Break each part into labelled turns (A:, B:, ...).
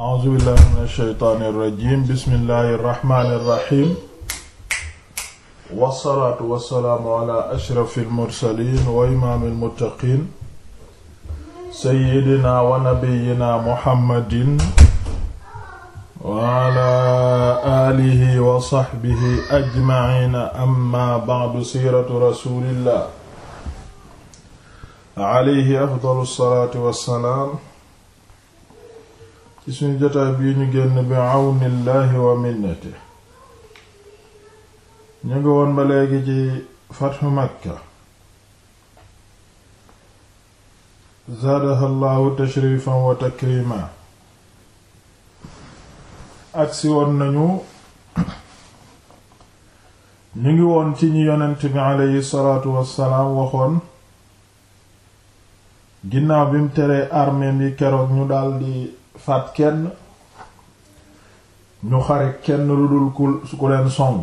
A: a'uuzu billahi min ashaytaani irrajim bismillahi irrahmaani irrahim wassalaatu wassalaamu ala ashrafi almursalin wa imaami almuttaqin sayyidina wa nabiyyina muhammadin wa ala alihi wa sahbihi ajmaciina amma ba'du siiratu rasulillah alayhi afdalu salaatu wassalaam ci suñu jotaay bii ñu génn bi àwnillaahi wa minnati ñu ngi woon ba léegi ci fatxu makka zaadaha llaahu tashrifan woon nañu ñu ngi woon ci ñi yonent bi aleyhi salaatu wassalaam waxoon ginnaaw bi mu teree armeem yi keroog ñu daldi faat kenn ñu xare kenn lu dul ku su ko leen song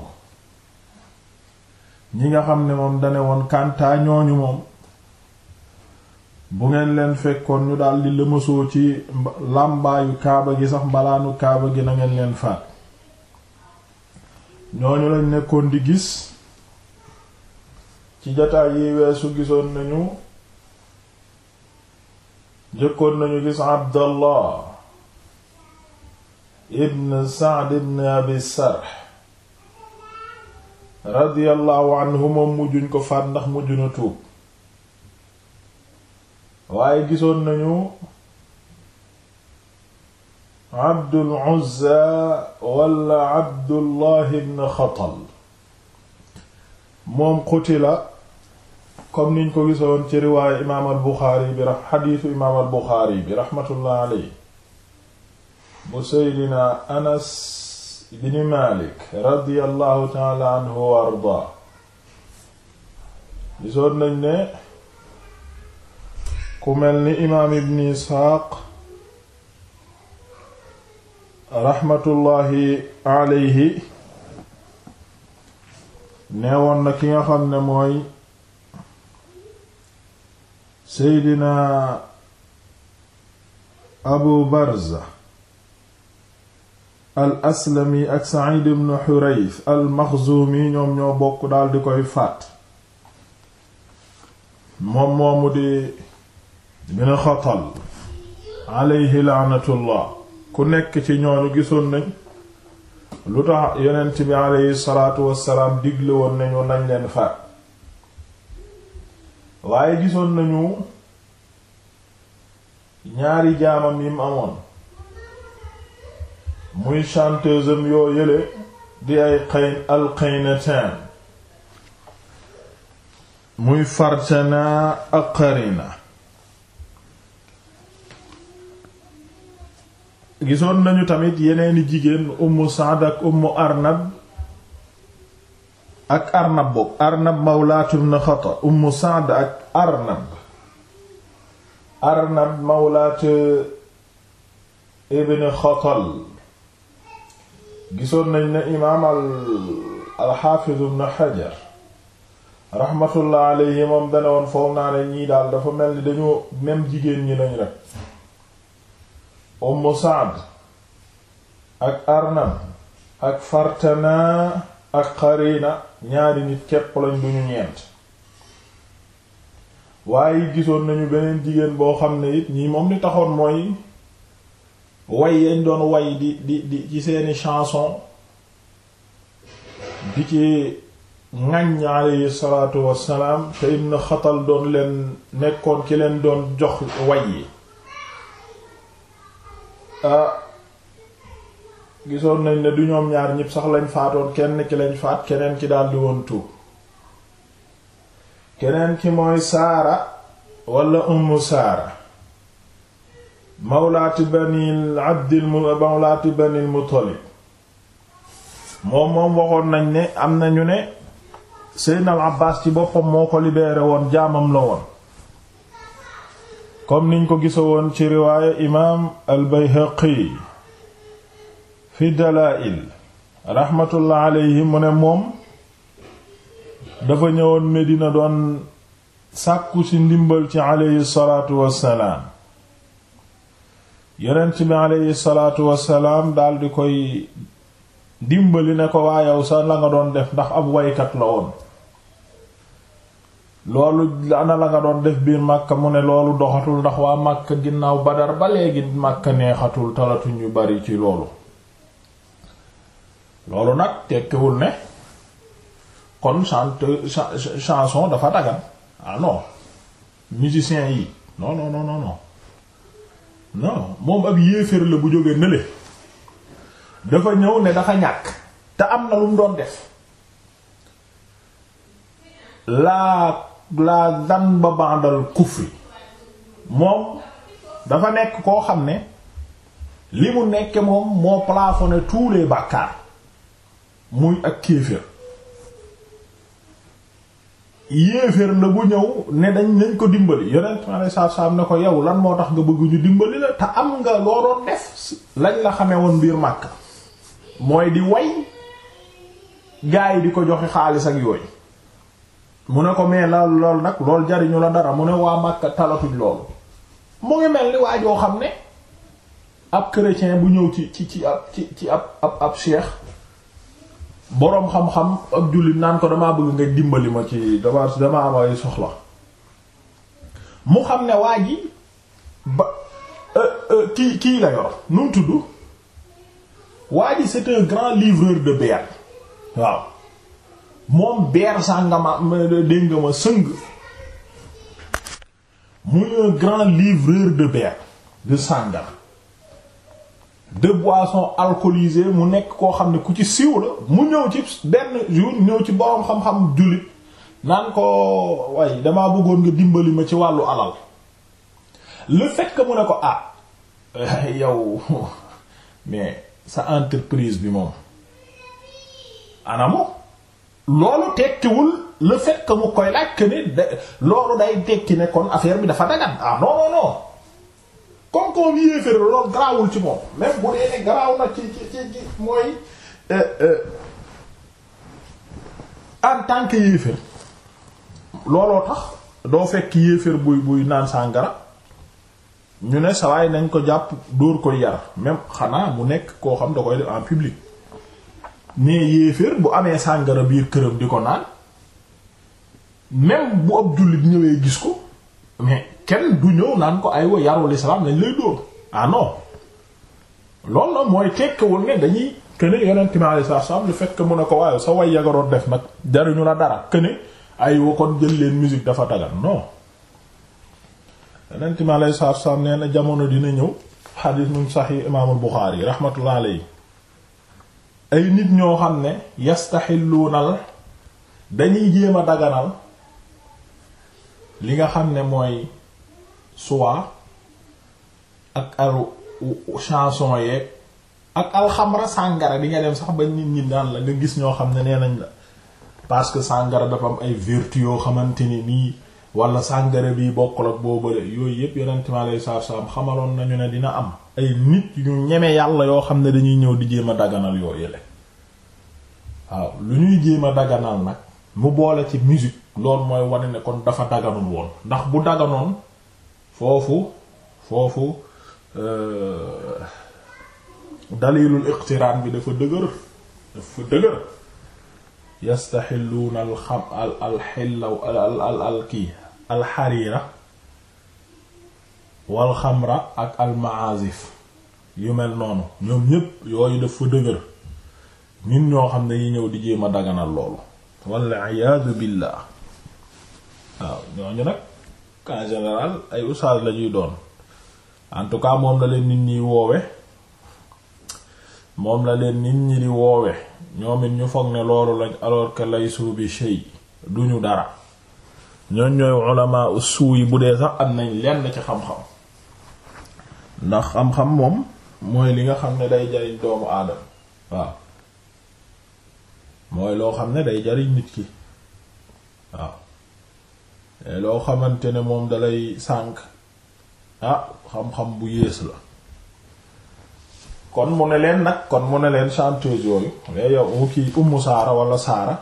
A: ñi nga xam ne moom dane woon kàntaa ñu moom bu ngeen leen fekkoon ñu daldi lëmasoo ci làmbaayu kaaba gi sax mbalaanu kaaba gi na ngeen leen faat ñooñu lañ nekkoon di gis ci jataay yi weesu gisoon nañu jëkkoon nañu gis Abdallah ibn Sa'd ibn Abi Sarh radiyallahu anhu moom mujjuñ ko faat ndax mujj na tuub waaye gisoon nañu Abdul Uzza wala Abdullah ibn Xatal moom qutila comme niñ ko gisoon ci riwaayu imaam al Buxaari bi rax xadiisu imaam al Buxaari bi raxmatullahi alayhi bu seydina anas bin malik radiyallahu taala anhu wa arda gisoon nañ ne ku mel ni imaam ibn isxaaq raxmatullahi aleyhi neewoon na ki nga xam ne mooy seydina abu barza al aslami ak sa'id ibn hurayth al maxzumi ñoom ñoo bokk daal di koy faat moom moomu di bin xatal aleyhi laanatullah ku nekk ci ñooñu gisoon nañ lu tax yonent bi aleyhi salaatu wassalaam digle woon nañu nañ leen faat waaye gisoon nañu ñaari jaamam yi amoon muy chanteuse am yoo yële di ay qayn alqaynataan muy fartana ak qarina gisoon nañu tamit yeneeni jigéen ummu saad ak ummu arnab ak arnab boobu arnab mawlaatu ibn xata ummu saad ak arnab arnab mawlaatu ibn xatal gisoon nañ ne imaam al alxaafiz ibn Hajar rahmatullah alayhi moom dana woon foog naa ne ñii daal dafa mel ni dañoo même jigéen ñi lañ rek Umm Saad ak Arnab ak Fartana ak Qarina ñaari nit képp lañ duñu ñeent waaye gisoon nañu beneen jigéen boo xam ne it ñii moom li taxoon mooy way yañ doon way di di di ci seeni chanson di ci ŋàññ alayhi salaatu wassalaam te ibn xatal doon leen nekkoon ki leen doon jox way yi ah gisoon nañ ne du ñoom ñaar ñépp sax lañ faatoon kenn ki lañ faat keneen ki daldi woon tuub keneen ki mooy saara walla umm saara mawlaati bani abdil mawlaati bani moom moom waxoon nañ ne am nañu ne seydna al abbas ci boppam moo ko libeere woon jaamam la woon comme niñ ko gisa woon ci riwaaya imaam al bayhaqi fi dalaa'il raxmatullah alayhi mu ne moom dafa ñëwoon medina doon sàkku ci ndimbal ci alayhi salaatu wassalaam yonent bi aleyhi salaatu wasalaam daal di koy dimbali ne ko waayow sa la nga doon def ndax ab waykat la woon loolu ana la nga doon def biir màkk mu ne loolu doxatul ndax waa màkk ginnaaw Badar ba léegi Makka neexatul talatuñ yu bari ci loolu loolu nag tekkiwul ne kon chante chanson dafa dagan ah non yi non non non non moom ab yéeféer la bu jógee nële dafa ñëw ne dafa ñàkk te am na lu doon def laa laa zanba ba'dal kufri moom dafa nekk koo xam ne li mu nekke moom moo plafonné tous les bàkkaar muy ak kéeféer yéeféer la bu ñëw ne dañ nañ ko dimbali yonent maanaam saabsaab ko yow lan moo tax nga bëgg dimbali la te am nga loo doon def lañ la xamee woon biir Makka mooy di way gaa yi di ko joxe xaalis ak yooyu mu ne ko mais la lool nag lool jariñu la dara mu ne waa Makka talatuñ loolu mu ngi mel ni waa joo xam ne ab chrétien bu ñëw ci ci ci ab ci ci ab ab ab cheikh. boroom xam-xam ak jullit naan ko damaa bëgg nga dimbali ma ci dama dama am ay soxla mu xam ne waa ji ba euh, euh, kii kii la yor tudd waa ji c'est un grand livreur de bière waaw moom bière sàngama dégg nga ma sëng muy un grand livreur de bière de sàngara de boisson alcoolisée mu nekk koo xam ne ku ci siiw la mu ñëw ci benn jour ñëw ci boroom xam-xam jullit naan ko waaye damaa bëggoon nga dimbali ma ci wàllu alal le ko que mu ne ko ah yow mais sa entreprise bi moom anamo loolu tekkiwul le fait que mu koy laaj que ne loolu day tekki nekkoon kon bi dafa dagan ah non comme comme yéeféer loolu garaawul ci moom même bu dee ne garaaw na ci ci ci mooy euh, euh, en tant que yéeféer looloo tax doo fekk yéeféer buy buy naan sàngara ñu ne sawaay nañ ko jàpp dóor koy yar même xanaa bu nekk koo xam da koy def en public mais yéeféer bu amee sàngara biir këram di ko naan même bu ab jullit ñëwee gis ko mais kenn du ñëw naan ko aywa yarul islam lañ lay dóor ah non loolu mooy tekkiwul ne dañuy këne yonent mi alayhi salaam le fait que mu ne ko waaye sa way yaga def nag jariñu la dara këne ay kon jël leen musique dafa dagan non yonent mi alayhi salaam nee na jamono dina ñëw xadiis mu saxiix imaamul Buxaari raxmatullaahi yi ay nit ñoo xam ne yastaxilluunal dañuy jéem a daganal li nga xam ne mooy soit ak al chanson ak alxamra sàngara bi nga dem sax ba nit ñi daan la nga gis ñoo xam ne nee nañ la parce que sàngara dafa am ay vertu yoo xamante ni nii wala sàngara bi bokkul ak boobale yooyu yépp yonent mi alayhi salaatu salaam xamaloon nañu ne dina am ay nit ñu ñeme yàlla yoo xam ne dañuy ñëw di jéem a daganal yoo yële waaw lu ñuy jéem a daganal nag mu boole ci musique loolu mooy wane ne kon dafa daganul woon ndax bu daganoon foofu foofu euh, dalilul iqtiraan bi dafa dëgër dafa dëgër yastaxilluuna al xam al al xillaw al al al kii alxariira wal xamra ak al maazif yu mel noonu ñoom ñépp yooyu dafa dëgër ñun ñoo xam ne yi ñëw di jéem a daganal loolu walla iyaadu billaah waaw ñooñu nag cas général ay oustaz la ñuy doon en tout cas moom la leen nit ñi woowe moom la leen nit ñi di woowe ñoom ñu foog ne loolu lañ alors que lay suubi shay duñu dara ñoon ñooy ulama suu yi bu dee sax am nañ lenn ci xam-xam ndax xam-xam moom mooy li nga xam ne day jariñ doomu aadama waaw mooy loo xam ne day jariñ nit ki waaw loo xamante ne moom dalay sànk ah xam-xam bu yées la kon mu ne leen nag kon mu ne leen chanteuse yooyu mais yow mu kii ummu saara wala saara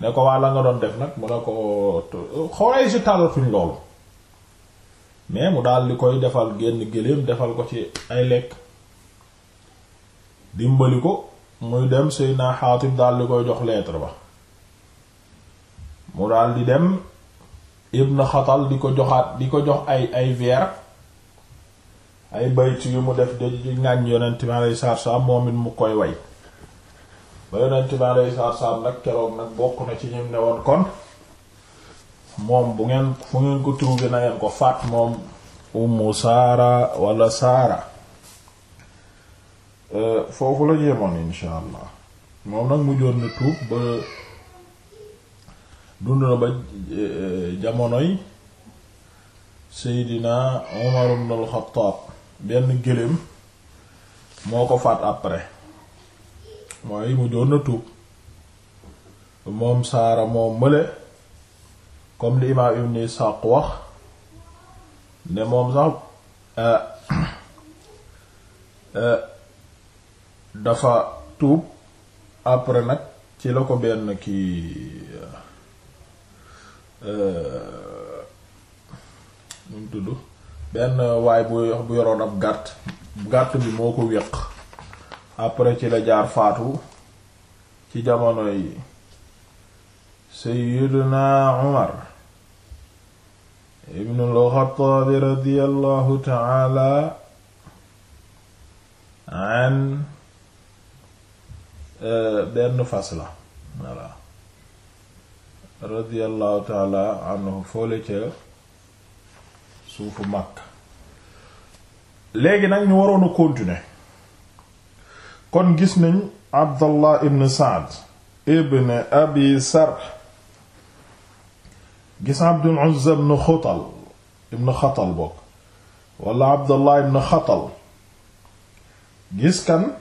A: ne ko waa la nga doon def nag mu ne ko xooray si talatuñ loolu mais mu daal di koy defal génn géléem defal ko ci ay lekk dimbali ko muy dem Seydina Xaatib daal di koy jox leetre ba mu daal di dem ibn xatal di ko joxaat di ko jox ay ay vers ay bayt yu mu def da ngàññ yonent bi alayhi salaatu salaam moom it mu koy way ba yonent bi alayhi salaatu salaam nag keroog nag bokk na ci ñim ne woon kon moom bu ngeen fu ngeen ko trouvé na ngeen ko faat moom ummu saara wala saara euh, foofu la jéemoon insha allah moom nag mujjoon na tuub dund na ba e, e, jamonoy Seydina Umar ibn al-Khattab benn gëléem moo ko faat après mooy mu doon na tuub moom saara moom mële comme li imaam Ibn Ishaq wax ne moom sax e, dafa tuub après nag ci la ko benn kii Euh, nu mu tudd benn waay bu yoroon ab gàtt gàtt bi moo ko wéq après ci la jaar faatu ci jamono yi Seyyidina Umar ibn al radiyallahu ta'ala an euh, benn fas la voilà radiallahu taala anhu foole suufu Makka léegi nag ñu waroon a continuer kon gis nañ Abdallah ibn Saad ibn Abi Sarh gis Abdul Uzza ibn Xutal ibn Xatal bokk wala Abdallah ibn Xatal gis kan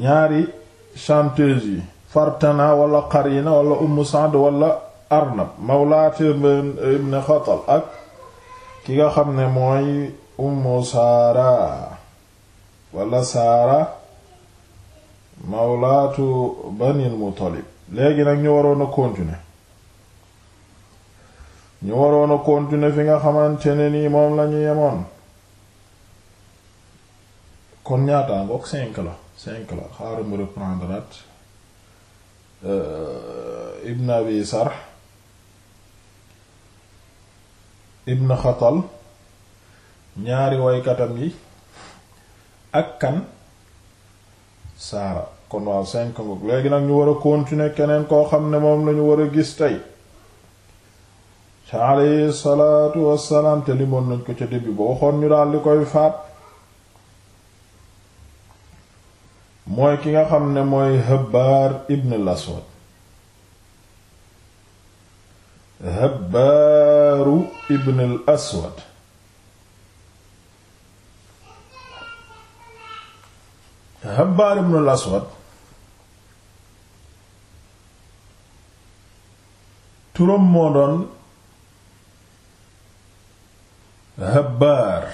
A: ñaari chanteuse yi fartana wala qarina wala umm saad wala arnab mawlaati ibn xatal ak ki nga xam ne mooy ummu saara wala saara mawlaatu banil muttalib léegi nag ñu waroon a continuer ñu waroon a continuer fi nga xamante nii moom lañu yemoon kon ñaata ngoog cinq la cinq la xaaral reprendre at ibn abi sarh ibn xatal ñaari waykatam yi ak kan saara kon waaw cinq ngoog léegi nag ñu war a continuer keneen koo xam ne moom lañu war a gis tey ca aleyhi salaatu wassalaam te limoon nañ ko ca début ba waxoon ñu daal di koy faat mooy ki nga xam ne mooy Habbaar ibn al-Aswad Habbaaru ibn al Habbaar ibn aswad turam moo doon Habbaar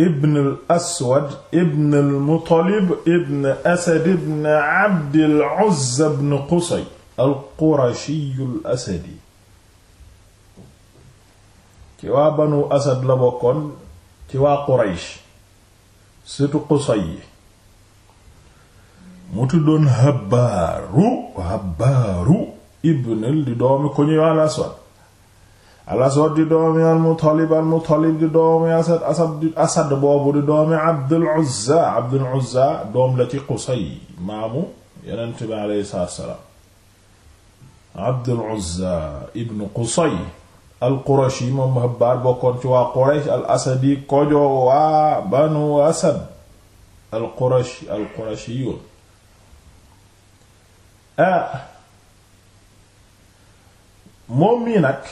A: ibn al aswad ibn al muttalib ibn asad ibn abd al uzza ibn qusay al qurashi al asadi ci waa banu asad la bokkoon ci waa quraysh surtout qusay yi mu habbaaru habbaaru ibn di doomi ku ñuy waa al aswad al aswad di doomi al muttalib al muttalib di doomi asad asad di asad boobu di doomi abdul uzza abdul uzza doom la ci qusay maamu yonent bi aleyhi salaatu salaam abdul uzza ibnu qusay al qurashi moom habbaar bokkoon ci waa quraysh al asadi kojo waa banu asad al qurashi al qurashiyun ah moom mii nag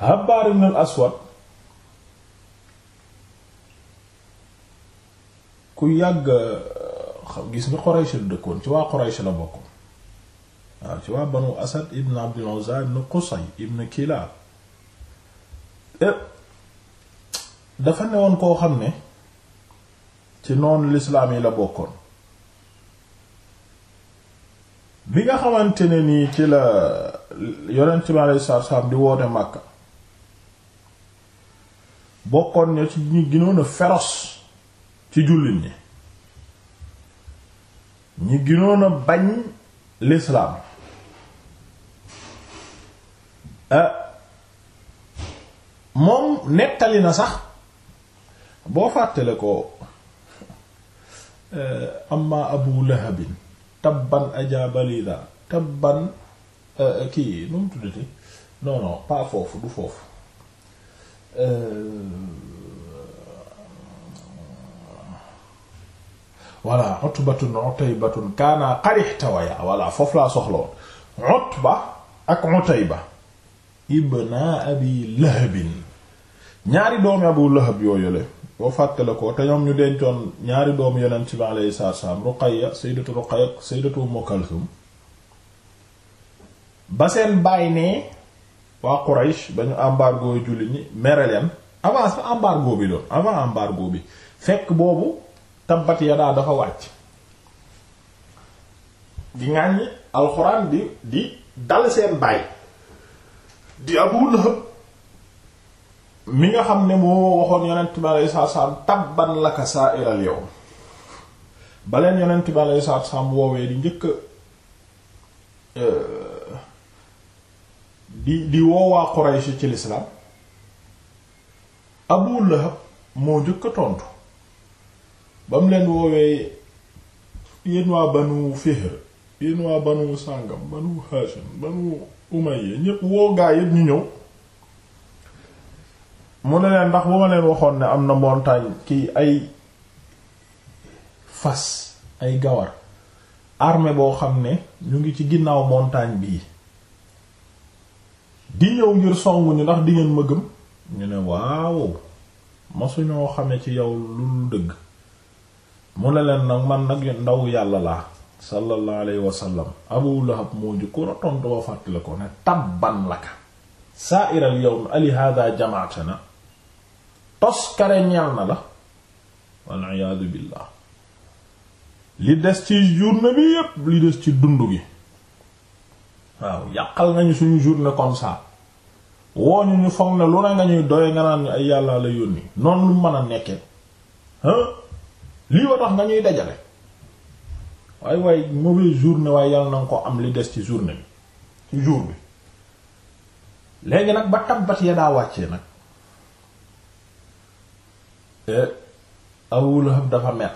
A: Habbaar ibn al-Aswad ku yàgg gis nga Quraysh la dëkkoon ci waa Quraysh la bokk waaw ci waa Banu Asad ibn Abdul Uzza ibn Qusay ibn Kilaab e, dafa newoon koo xam ne ci noonu lislaam yi la bokkoon bi nga xamante ne nii ci la yonent bi alayhi di woote Makka bokkoon na ci ñi gënoon a féroce ci jullit ñi ñi gënoon a bañ l'islam euh, moom nettali na sax boo fàttale ko euh, amma abu lahabin tabban ajabalida tabban euh, kii nu mu tuddati non non foofu du foofu Euh, voilà utbatun utaybatun kaana qarixtawaya voilà foofu laa soxla woon utba ak utayba ibna abi lahabin ñaari doomi abu lahab yooyule boo fàttale ko te ñoom ñu dencoon ñaari doomi yonent bi alayhi salaatu wassalaam ruqayya sayyidatu ruqayya sayyidatu ummu kalsum ba seen baay nee waa Quraysh ba ñu embargo jullit ñi mere leen avant sa embargo bi doon avant embargo bi fekk boobu tabbat yadaa dafa wàcc di ŋàññi alxuraan di di dal seen baay di Abu Lahab mi nga xam ne moo waxoon yonent bi alayhi salaatu salaam tabban laka saa'iral yawm baleen yonent bi alayhi salaatu woowee di njëkk euh, di di woowaa Quraysh ci lislaam Abu Lahab moo jëkk a tontu ba mu leen woowee yéen waa banu Fihr yéen waa banu sàngam banu Hashim banu Umayya ñépp woo gaa yépp ñu ñëw mu ne leen ndax bu ma leen waxoon ne am na montagne kii ay fas ay gawar armée boo xam ne ñu ngi ci ginnaaw montagne bii di ñëw ngir songu ñu ndax di ngeen ma gëm ñu ne waaw masuñoo xame ci yow lu dëgg mu ne leen nag man nag ndaw yàlla laa sallallahu alayhi wa sallam abu lahab moo jëkkoon a tontu ba fàttali ko ne tabban laka sa'iral yawm ali hada jamaatana tos kare ñeel na la wal iyaadu billah li des ci journée bi yépp li des ci dund gi waaw yàqal nañu suñu journée comme ça woo ñu ñu foog ne lu na nga ñuy doye nga naan ñu ay yàlla la yónni noonu lu mën a nekkee lii wa tax nga ñuy dajale waaye waaye mauvaise journée waaye yàlla na nga ko am li des ci journée bi ci jour bi léegi nag ba tabbat ya daa wàcce nag Abu Lahab dafa mer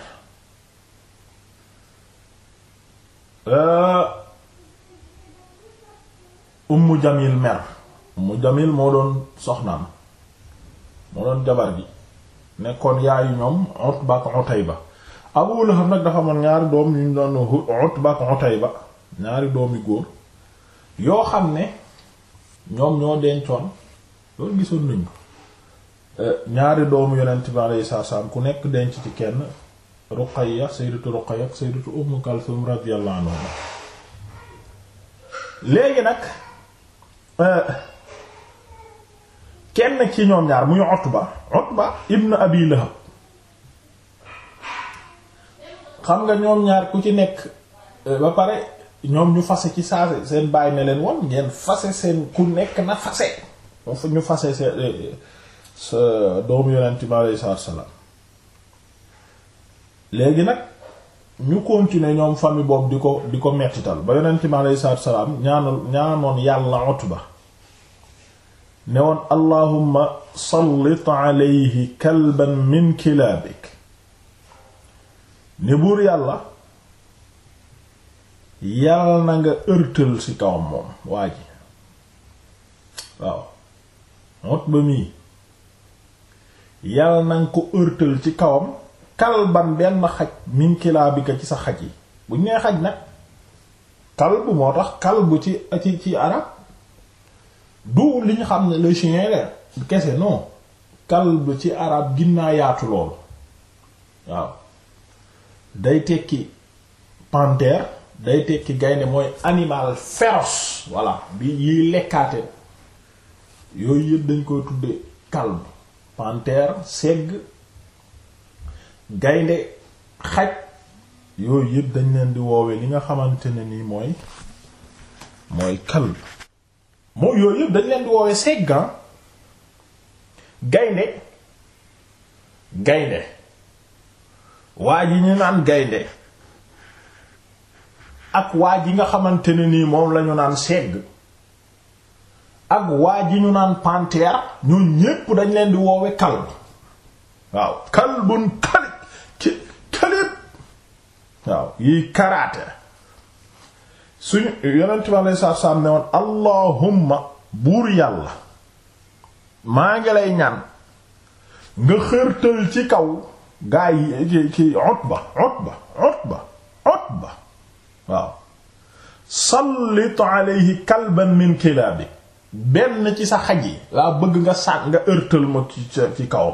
A: Ummu Jamil mer mu jamil moo doon soxnaam moo doon jabar gi nekkoon yaayu ñoom Utba ak Utayba Abu Lahab nag dafa amoon ñaari doom yu ñu doon Utba ak ba ñaari doomi góor yoo xam ne ñoom ñoo dencoon loolu gisoon nañu eh, ñaari doomu yonent bi alayhi salaam ku nekk denc ci kenn Ruqayya sayyidatu Ruqayya ak sayyidatu Umm Kalthum radiyallahu anha léegi nag eh, kenn ci ñoom ñaar muy Utba Utba ibn Abi Lahab xam nga ñoom ñaar ku ci nekk euh, ba pare ñoom ñu fase ci saa seen bàyyi ne leen woon ngeen fase seen ku nekk na fase ñu fase seen euh, sa doomu yonent mi aleyhi salaatu salaam léegi nag ñu continuer ñoom famille boobu di ko di ko mettital ba yonent mi aleyhi salaatu salaam ñaanal ñaanoon yàlla ba ne woon allahumma sallit alayhi kalban min kilaabik ne buur yàlla yàlla na nga ërtal ci kawam moom waa ji waaw mot ba mii yàlla na nga ko ërtal ci kawam kalban benn xaj min kilaabika ci sa xaj yi bu ñu nee xaj nag kalb moo tax kalb ci ci ci arab du li ñu xam ne le chien kese non kalb ci arab ginnaa yaatu lool waaw day tekki panthère day tekki gaynde mooy animal féroce voilà bi yiy lekkaate yooyu yëpp dañ koy tudde kalb panthère segg gaynde xaj yooyu yëpp dañ leen di woowe li nga xamante ne nii mooy mooy kalb moom yooyu yëpp dañ leen di woowee seggan gaynde gaynde waa ji ñu naan gaynde ak waa ji nga xamante ne nii moom lañu naan segg ak waa ji ñu naan panthère ñu ñépp dañ leen di woowe kalb waaw kalbun kali kalib waaw yi karaate suñu yonent bi aleyhi salaatu allahumma buur yàlla maa ngi lay ñaan nga xërtal ci kaw gaa yi ci ci Utba Utba Utba Utba waaw sallit alayhi kalban min kilaabi benn ci sa xaj yi laa bëgg nga sànq nga ërtal ma ci kaw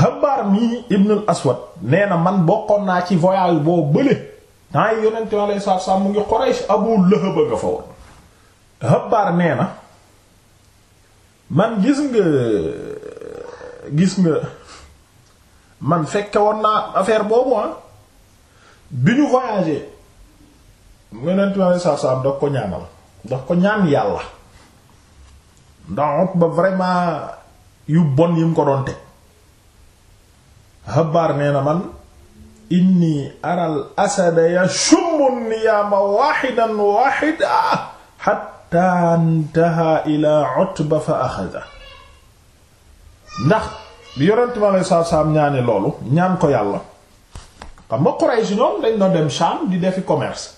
A: Habbaar mii Ibnul Aswad nee na man bokkoon naa ci voyage boo bële temps yi yonente mi mu ngi Quraysh Abu Lahab nga fa woon Habbaar nee na man gis nga gis nga man fekke woon naa affaire boobu ah bi ñu voyagé yonente mi alei satu salaam ko ñaanal daf ko ñaan yàlla ndax ba vraiment yu bon yi mu ko doon teg Habbaar nee na man inni aral asada yashummu niyaama waaxidan waaxida xatta intaha ila utba fa axada ndax bi yonent mi alei saatu salaam ñaane loolu ñaan ko yàlla xam nga Quraysh ñoom dañ doon dem Sham di defi commerce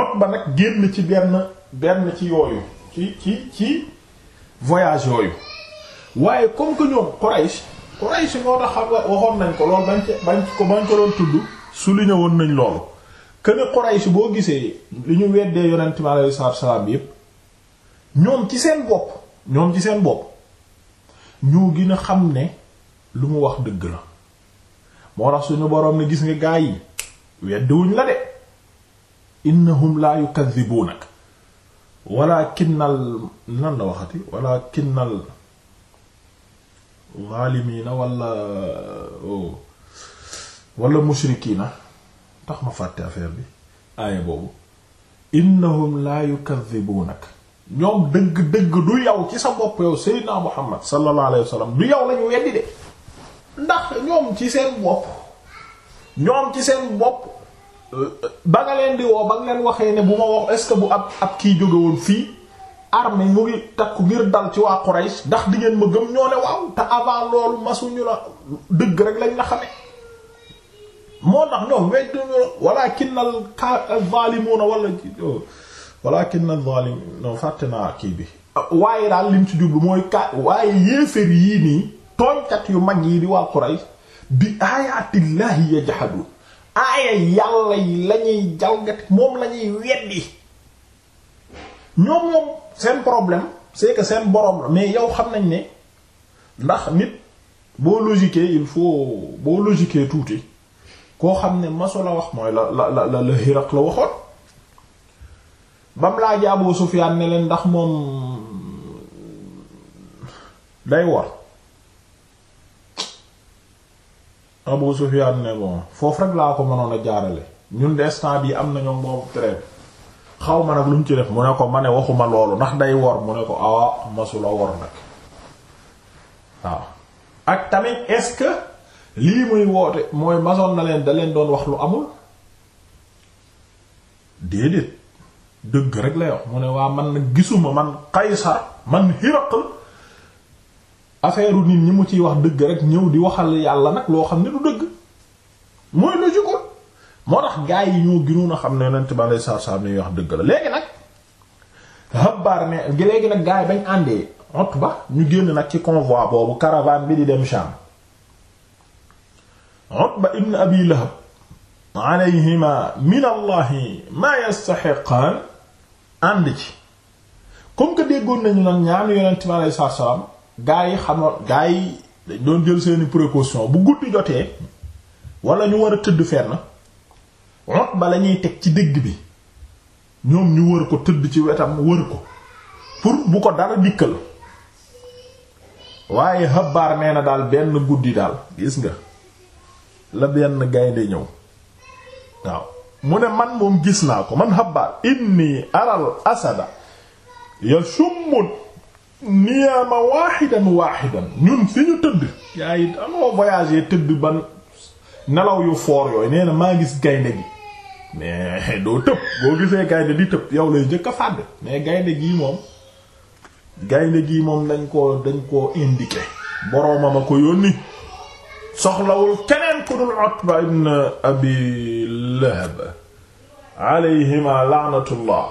A: Utba nag génn ci benn benn ci yooyu ci ci ci voyage yooyu waaye comme que ñoom Quraysh Quraysh moo tax xam waxoon nañ ko loolu bañ ci bañ ko bañ ko doon tudd souligné woon nañ loolu que ne Quraysh boo gisee li ñu weddee yonent mi alayhi salaatu salaam yépp ñoom ci seen bopp ñoom ci seen bopp ñu gën a xam ne lu mu wax dëgg la moo tax suñu boroom ne gis nga gaa yi weddiwuñ la de innahum la yukadhibunak walakinnal nan la waxati walakinnal zaalimiina wala wala mushrikiina tax ma fàtte affaire bi aaya boobu innahum laa yukadhibuunak ñoom dëgg-dëgg du yow ci sa bopp yow seydina muhammad sallallahu alayhi wa du yow lañu weddi de ndax ñoom ci seen bopp ñoom ci seen bopp euh, euh, ba nga leen di woo ba nga leen waxee ne bu ma wax est bu ab ab kii jóge fii armée mu ngi takku ngir dal ci waa Quraysh ndax di ngeen ma gëm ñoo ne waaw te avant loolu masuñu la dëgg rek lañ la xamee moo tax ñoom wedduñu walakin al-zalimuuna wala oh, walakin al-zalimuuna fàtte naa kii bi. waaye daal lim ci jublu mooy ka waaye yéeféer yii nii tooñkat yu mag yi di waa Quraysh bi aayatillahi yajhadu aaya yàlla lañuy jalgati moom lañuy weddi. ñoom moom seen problème c'est que seen borom la mais yow xam nañ ni ndax nit boo logiquer il faut boo logiquer tuuti koo xam ne maso la wax mooy la la la la Hiraq la waxoon bam laa jaaboo Sufyaan ne leen ndax moom day war Abu Sufyaan ne bon foofu rek laa ko mënoon a jaarale ñun de instant bi am na ñoom boobu trêve xaw ma nag lu mu ci def mu ne ko ma ne waxuma loolu ndax day wor mu ne ko ah masula wor nag waaw ak tamit est-ce que lii muy woote mooy masoon na leen da leen doon wax lu amul déedéet dëgg rek lay wax mu ne waa man nag gisuma man Qaysar man Hiraql affaire nit ñi mu ciy wax dëgg rek ñëw di waxal yàlla nag loo xam ne du dëgg mooy logique moo tax gaa yi ñoo gënoon a xam ne yonent bi alayhi salaatu salaam ñuy wax dëgg la léegi nag Habbar ne léegi nag gaa bañ àndee Utba ñu génn nag ci convoi boobu caravane bi di dem Sham Utba ibn Abi Lahab alayhima min allahi ma yastaxiqaan ànd ci comme que déggoon nañu nag ñaanu yonent bi alayhi salaatu salaam gaa yi xamoon gaa yi dañ doon jël seeni précaution bu guddi jotee wala ñu war a tëdd na Utba la ñuy teg ci digg bi ñoom ñu wër ko tëdd ci wetam wër ko pour bu ko dara dikkal waaye Habbaar nee na daal benn guddi daal gis nga la benn gaynde ñëw waaw mu ne man moom gis naa ko man Habbaar inni aral asada ya summut niyaama waaxidan waaxidan ñun fi ñu tëdd yaay danoo voyager tëdd ban nelaw yu foor yooyu nee na maa gis gaynde gi mais doo tëb boo gisee gaynde di tëb yow lay njëkk a fàdd mais gaynde gi moom gaynde gi moom dañ ko dañ koo indiqué boroomam a ko yónni soxlawul keneen ku dul Utba ibn Abi Lahab alayhima laanatullah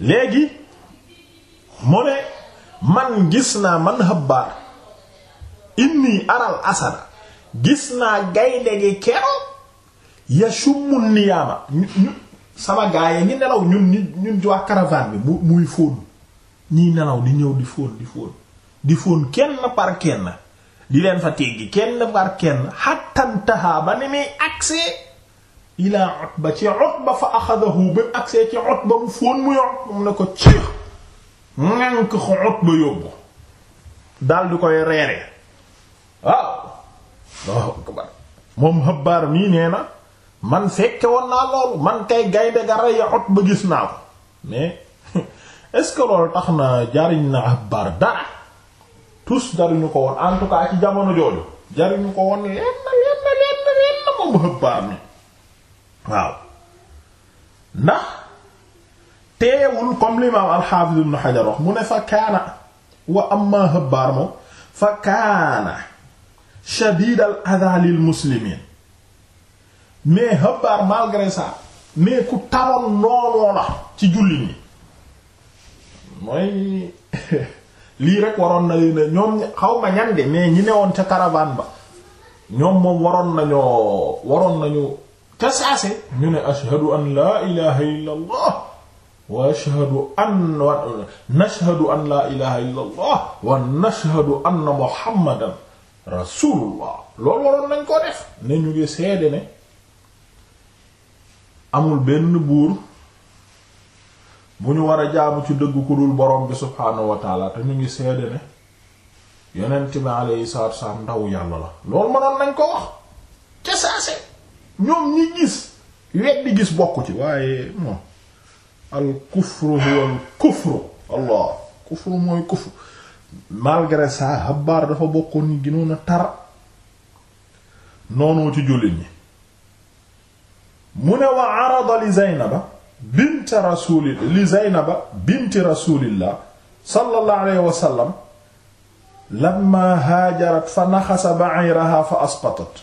A: léegi mu ne man gis naa man Habbaar inni aral asada gis naa gaynde gi keroog yashummu niyaama ñu ñu sama gaa yi ñi nelaw ñun ñun waa caravane bi muy fóon ñiy nelaw di ñëw di fóon di fóon di fóon kenn par kenn di leen fa teggi kenn par kenn xattantahaa ba ne muy accès ilaa Utba ci Utba fa axadahu ba accès ci Utba mu fóon mu yo mu ne ko ciix ngank ko Utba yóbbu dal di koy reere waaw moom xabaar mii nee na man fekke woon naa loolu man kay gaynde ga rey ot ba gis naa ko mais est-ce que loolu tax na jariñ na Abbar dara tous jariñu ko woon en tout cas ci jamono jooju jariñu ko woon lenn lenn lenn ndax teewul comme l'imam al-Hafiz ibn Hajar wax mu ne fa kaana wa amma Abbar moom fa kaana shadid al-adha mais Habbar malgré ça mais ku taroon noonoo la ci jullit ñi mooy lii rek waroon na ñoom xaw ma ñande mais ñi newoon ca caravane ba ñoom moom waroon nañoo nañu ca saase ñu ne ashhadu an laa ilaha illa wa ashhadu an wa nashhadu an laa ilaha illa allah wa nashhadu anna muhammadan loolu waroon nañ ko def ne ñu ngi seede ne amul benn buur bu ñu war a jaamu ci dëgg ku dul borom bi subhaanahu wa te ñu ngi seede ne yonent bi alayhi salaatu wasalaam ndaw yàlla la loolu mënoon nañ ko wax ca saase ñoom ñi gis weddi gis bokk ci waaye moom al kufru huwa al kufru allah kufru mooy kufru malgré ça Habbaar dafa bokkoon ñi ginoon a tar noonu ci jullit ñi mu ne wa arada li Zaynaba bint rasuli li Zaynaba binti rasulillah sallallahu alayhi wa sallam lamma haajarat fa naxasa ba'iraha fa asqatat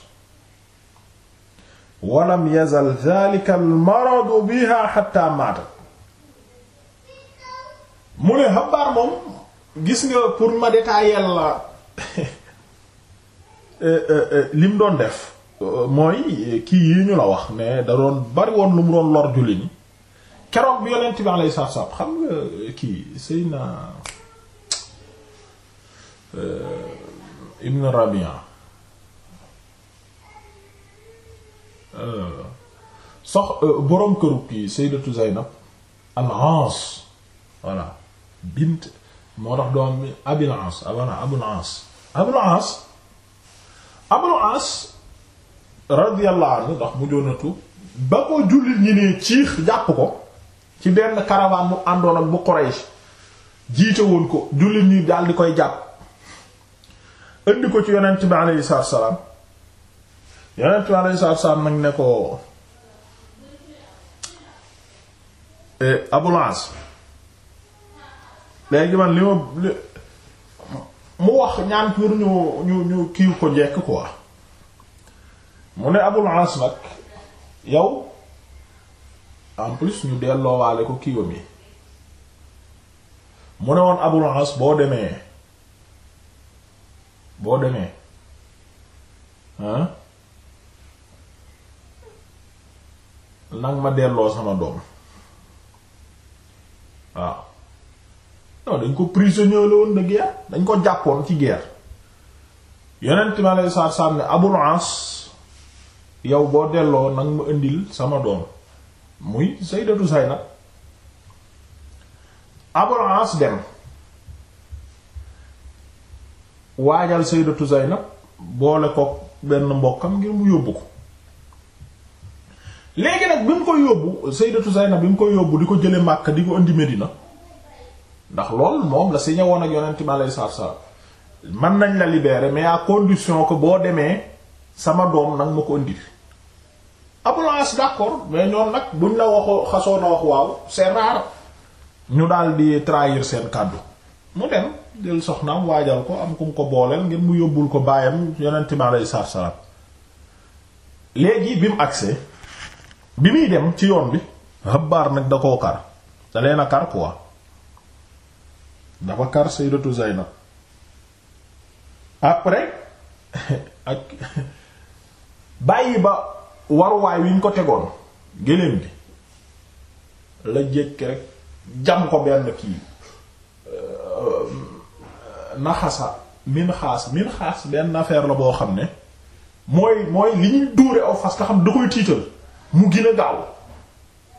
A: walam yazal dhalika almaradu biha hatta maatat mu ne xabaar moom gis nga pour ma détailler la euh, euh, euh, lim doon def mooy kii yi ñu la wax ne da doon bari woon lu mu doon lor julli ni keroog bi yonent bi alayhi salaatu xam nga kii Seydina euh, Ibn Rabia euh, sox euh, boroom këru kii Sayyidatu Zaynab al-Aas voilà bint moo tax doom Abul Aas Abul Abul Aas Abul Aas radiyallahu anhu ndax mu joona tuub ba ko jullit ñi ne ciix jàpp ko ci benn caravane mu àndoon ak bu Quraysh jiite woon ko jullit ñi daal di koy jàpp indi ko ci yonent bi alayhi salaatu wa salaam yonent bi alayhi salaatu salaam nag ne ko eh, Abul As man li ma mu wax ñaan pour ñu ñu ñu kiiw ko jekk quoi mu ne Abul Aas nag yow en plus ñu delloowaale ko kiiwam yi mu ne woon Abul Aas boo demee boo demee ah nag ma delloo sama doom waaw non dañ ko prisonnier la woon de dañ ko jàppoon ci guerre yonent mi aleyhi salaatu salaam Abul Aas yow boo delloo nag ma indil sama doom muy sayyidatu Zaynab Abul As dem waajal sayyidatu Zaynab boole ko benn mbokkam ngir mu yóbbu ko léegi nag bi mu koy yóbbu sayyidatu Zaynab bi mu koy yóbbu di ko jële Makka di ko indi Medina ndax lool moom la si ñëwoon ak yonent mi alayhi salaatu salaam mën nañ la libérer mais à condition que boo demee sama doom nag ma ko indi Abul As d'accord mais ñoom nag buñ la waxoo xasoo na wax waaw c'est rare ñu daal di trahir seen kàddu mu dem jël soxnaam waajal ko am ku mu ko booleel ngir mu yóbbul ko baayam yonent mi alayhi salaatu léegi bi mu agsee bi muy dem ci yoon bi Habbaar nag da koo kar da leen kar quoi dafa kar Sayyidatu Zaynab après ak bàyyi ba waruwaay wi ñu ko tegoon géléem gi la jékki rek jam ko benn kii euh, naxasa min xaas min xaas benn affaire la boo xam ne mooy mooy li ñuy dóore aw fas nga xam da koy tiital mu gën a gaaw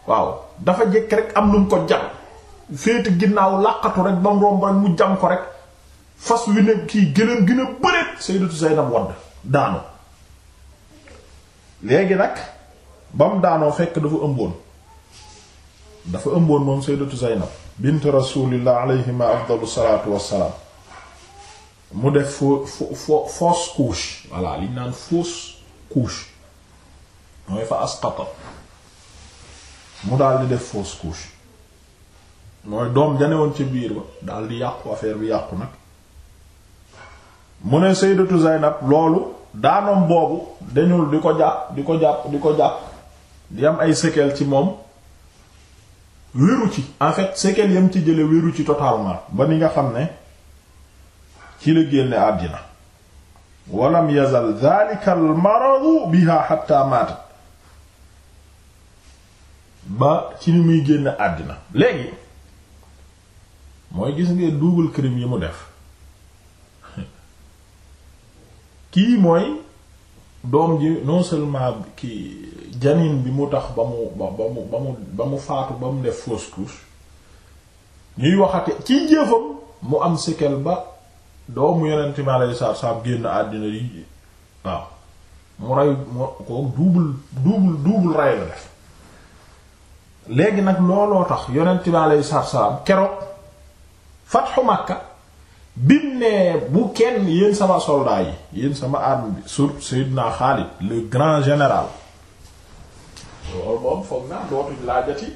A: waaw dafa jekk rek am lu mu ko jam féet ginnaaw làqatu rek ba mu romb mu jam ko rek fas wi ne kii gëléem gën a bëreet Sayyidatu Zaynab wadd daanu léegi nag ba mu daanoo fekk dafa ëmboon dafa ëmboon moom sayyidatu Zaynab bint rasulillah alayhima afdalu salaatu wassalaam mu def fo fo fausse couche voilà liñ naan fausse couche mooy fa asqata mu daal di def fausse couche mooy doom jane woon ci biir ba daal di yàqu affaire bi yàqu nag mu ne sayyidatu Zaynab loolu daanoom boobu dañul di ko jàpp di ko jàpp di ko jàpp di am ay séquelles ci moom wéru ci en fait yam ci jële wéru ci totalement ba ni nga xam ne ci la génne àddina walam yazal dhalika al maradu biha hatta maatat ba ci ni muy génn àddina léegi mooy gis nga double crime yi mu def kii mooy doom ji non seulement ki janin bi mu tax ba mu ba mu ba mu ba mu faatu ba mu def fos couche ñuy waxate ci njëfam mu am séquelle ba doomu yonent mi alayhi salaatu salaam génn àddina yi waaw mu rey mu ko double double double rey la def léegi nag looloo tax yonent mi alayhi salaatu salaam keroog Makka bim ne bu kenn yéen sama soldat yi sama arme bi sur Seydina Khalid le grand général loolu moom foog naa dootuñ laajati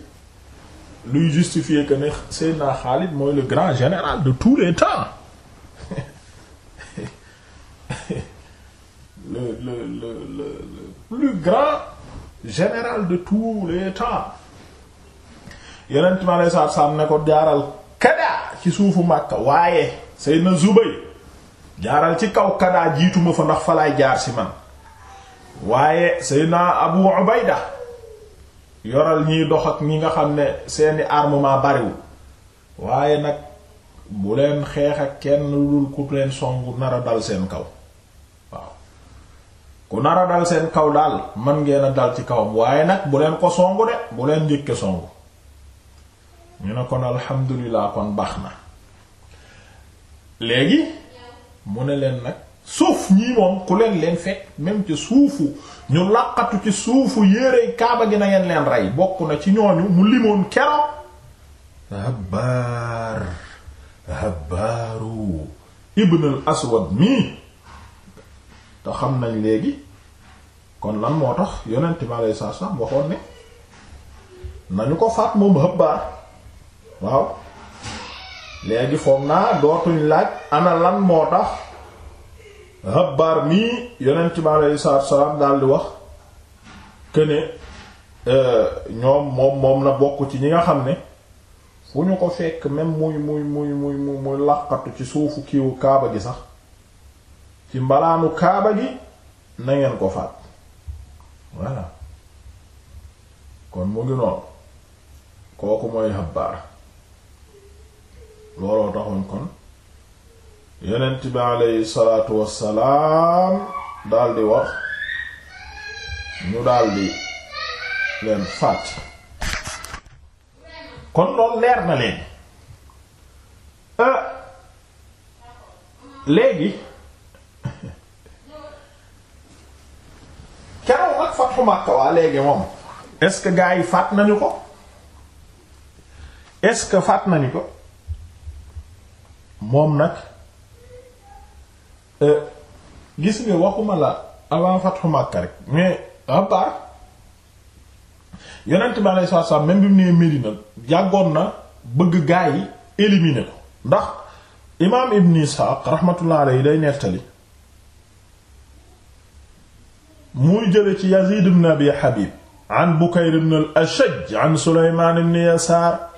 A: luy justifier que ne Seydina Khalid mooy le grand général de tous les temps le le le plus grand général de tous les temps yeneen ma lay saat saam ne ko jaaral kada ci suufu Makka waaye Seydina Zubay jaaral ci kaw kadaa jiituma fa ndax fa jaar si man waaye Seydina Abu Ubayda yoral ñiy dox ak ñi nga xam ne seeni armement bariwul waaye nag bu leen xeex ak kenn lu dul ku leen songu nar dal seen kaw waaw ku nar dal seen kaw daal man ngeen a dal ci kawam waaye nag bu leen ko songu de bu leen njëkke songu ñu ne kon alhamdulilah kon baax na léegi mu ne leen nag suuf ñii moom ku leen leen fekk même ci suufu ñu laqatu ci suufu yére kaaba gi na leen rey bokk na ci ñooñu mu limoon keroog habbaar habbaaru ibnul aswad mii te xam nañ léegi kon lan moo tax yonent mi aleyhi salaatu salaam waxoon ne nañu ko faat moom habbaar waaw léegi foog naa dootuñ laaj ana lan moo tax Habbaar mii yonent bi aleyhi salaatu salaam daal di wax këne euh, ñoom moom moom na bokk ci ñi nga xam ne fu ñu ko fekk même muy muy muy muy muy muy laqatu ci suufu kiiwu kaaba gi sax ci mbalaanu kaaba gi na ngeen ko faat voilà kon mu ngi noonu kooku mooy Habbaar looloo taxoon kon yonent bi aleyhi salaatu wassalaam daldi wax ñu daldi leen faat kon loolu leer na leen euh, léegi keroog ak fatxu Makka waa léegi moom est-ce que gaa yi fàtt nañu ko est-ce que faat nañu ko moom nag euh, gis ni waxuma la avant fatxu rek mais à yonent bi aleyhi salaatu salaam même bi jàggoon na bëgg gaa yi éliminer ko ndax imaam Ibn Ishaq rahmatullah alayhi day nettali muy jële ci Yazid ibn Abi Habib an Bukayr ibn al-Ashaj an Sulaymaan ibn Yasaar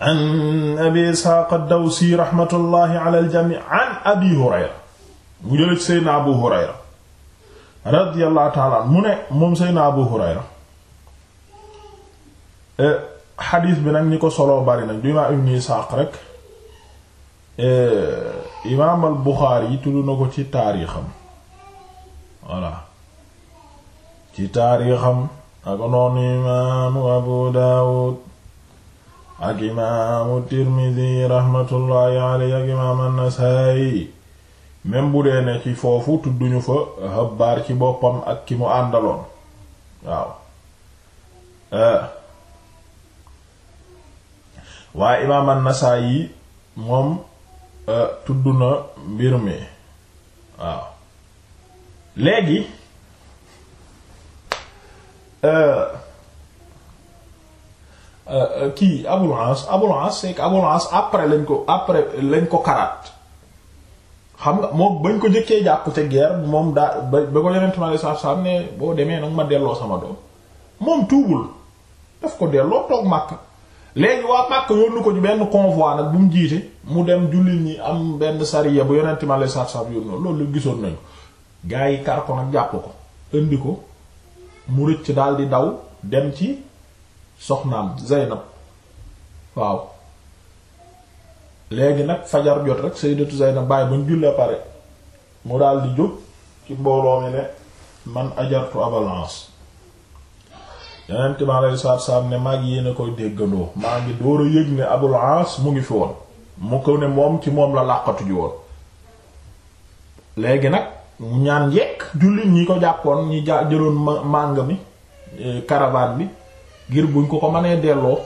A: an abi isxaaq ad-dawsi raxmatullahi ala al-jamii an abi hurayra mu jële ci seydna abu hurayra radiyallahu taala an mu ne moom seydna abu hurayra e, xadiis bi nag ñi ko soloo bari nag du imaam ibnu isxaaq rek e, imaam al buxaari yi tudd na ko ci taarixam voilà ci taarixam ak noonu imaamu abu daawud ak imaamu tirmidi rahmatullahi alayhi ak imaam an-Nasaa'i même bu dee ne ci foofu tudduñu fa Habbaar ci boppam ak ki mu àndaloon waaw eh. waaye imaam an-Nasaa'i moom eh, tudd na mbir mi waaw léegi eh, Euh, euh, kii Abul As Abul As c'est que après lañ ko après lañ ko karaat xam nga moom bañ ko jëkkee jàpp te guerre moom da ba ba ko yeneen tamit saaf saaf ne boo demee nag ma delloo sama doom moom tuubul daf ko delloo toog Makka léegi waa Makka yónnu ko ci benn convoi nag bu mu jiite mu dem jullit ñi am benn sariya bu yeneen male saaf saaf yónnoon loolu gisoon nañu gaa yi kar ko nag jàpp ko indi ko mu rëcc daal di daw dem ci. soxnaam Zeynab waaw léegi nag fajar jot rek sayyidatu Zeynab bàyyi ba ñu jullee pare mu daldi di ci mbooloo mi ne man ajartu abalance yeneen time alay saab ne mag yéena koy déggandoo maa ngi door a yëg ne Abul mu ngi fi woon mu ko ne moom ci moom la làqatu ji woon léegi nag mu ñaan yekk jullit ñi ko jàppoon ñi ja jëloon màng mi eh, caravane bi ngir bu buñ ko ko mënee delloo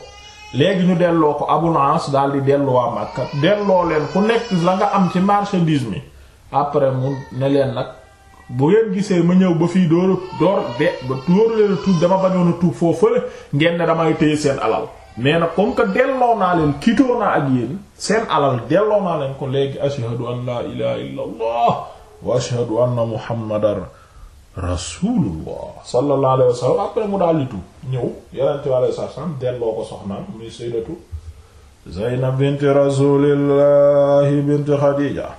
A: léegi ñu delloo ko Abul As daal di delloo waa Makka delloo leen ku nekk la nga am ci marchandise mi après mu ne leen nag bu ngeen gisee ma ñëw ba fii door door de ba door leen tuub dama bañoon a tuub foofu fële ngeen ne damay téye seen alal mais na comme que delloo naa leen kitoo naa ak yéen seen alal delloo naa leen ko léegi ashhadu an la ilaha illa allah wa ashhadu muhammadar rasulullah sallallahu alayhi wa sallam après mu daal di tuub ñëw yonent bi alayhi salaam delloo ko soxnaam muy sayyidatu Zaynab bint rasulillah bint Khadija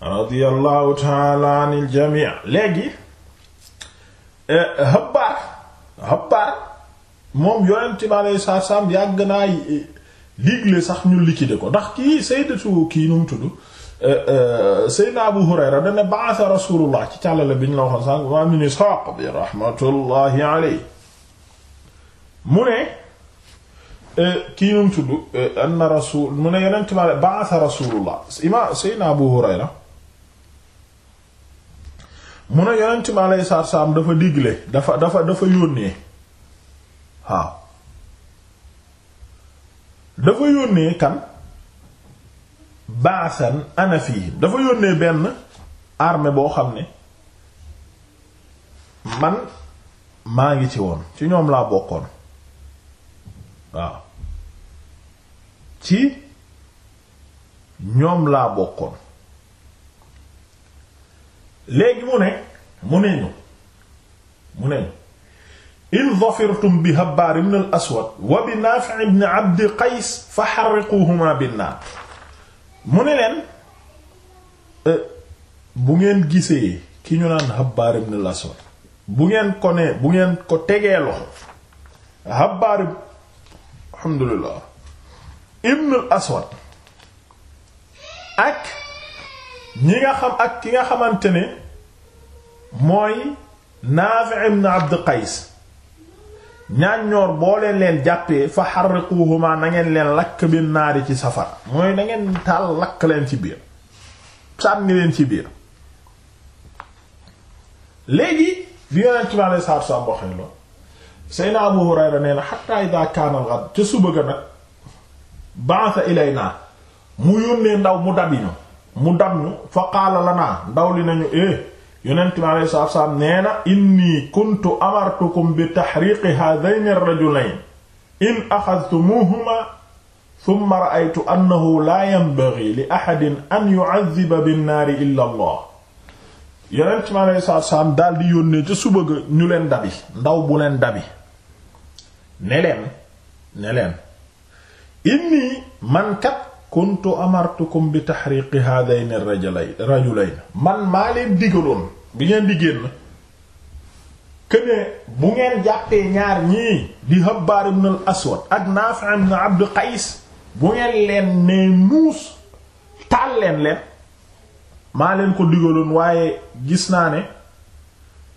A: radiyallahu ta'ala anil jami' léegi eh, Habbaar Habbaar moom yonent bi alayhi salaam yàgg naa eh, digle sax ñu liquider ko ndax kii sayyidatu kii nu mu tudd Euh, euh, Seydina Abu Hurayra dana ba'atha Rasulullah ci càllale bi ñu la waxoon sànq ma min mu ne euh, kii num tudd anna rasul mu ne yonent ma ba'atha Rasulullah ima Abu Hurayra mu ne yonent ma lay saar saam dafa digle dafa dafa dafa yónnee waaw dafa yónnee kan baasan ana fii dafa yónnee benn armée boo xam ne man maa ngi ci woon ci ñoom laa bokkoon waaw ñoom laa bokkoon léegi mu ne mu ne ñu mu ne ñu in zafirtum bi habbaar ibn al aswad wa bi naafi ibn abdi qays fa xarriquhuma binnaar mu ne leen euh, bu ngeen gisee ki ñu naan Habbaar ibn al bu ngeen ko ne bu ngeen ko tegee loxo Habbaar alhamdulillah ibn al ak ñi nga xam ak ki nga xamante ni mooy Naafi ibn Abd Qays ñaan ñoor boo leen leen jàppee fa harriquhuma na ngeen leen lakk bi naari ci safara mooy nangeen ngeen taal lakk leen ci biir sànni leen ci biir léegi bi yonent bi alei saatu salaam waxee loolu sayna Abu Hurayra nee na hatta idha kana al ca suba ga nag ba'atha ilayna mu yónnee ndaw mu dab ñu mu dab ñu fa qaala lanaa ndaw li nañu eh yonent mi alayhi salaatu salaam nee na inni kuntu amartukum bi tahriqi haadayni rajulayn in axadtumuuhuma thumma ra'aytu annahu laa yanbaghi li ahadin an yu'adhdhiba bin-naari illa Allah yonent mi alayhi salaatu salaam daal di yónnee ca suba ga ñu leen dabi ndaw bu leen dabi ne leen ne leen inni man kat kuntu amartukum bi tahriqi haadayni rajulayn man maa leen digaloon bi ngeen di génn kënee bu ngeen jàppee ñaar ñii di Habbaar ibn al Aswad ak Naafi' ibn Abd Qais bu ngeen leen nee nuus taal leen leen maa leen ko digaloon waaye gis naa ne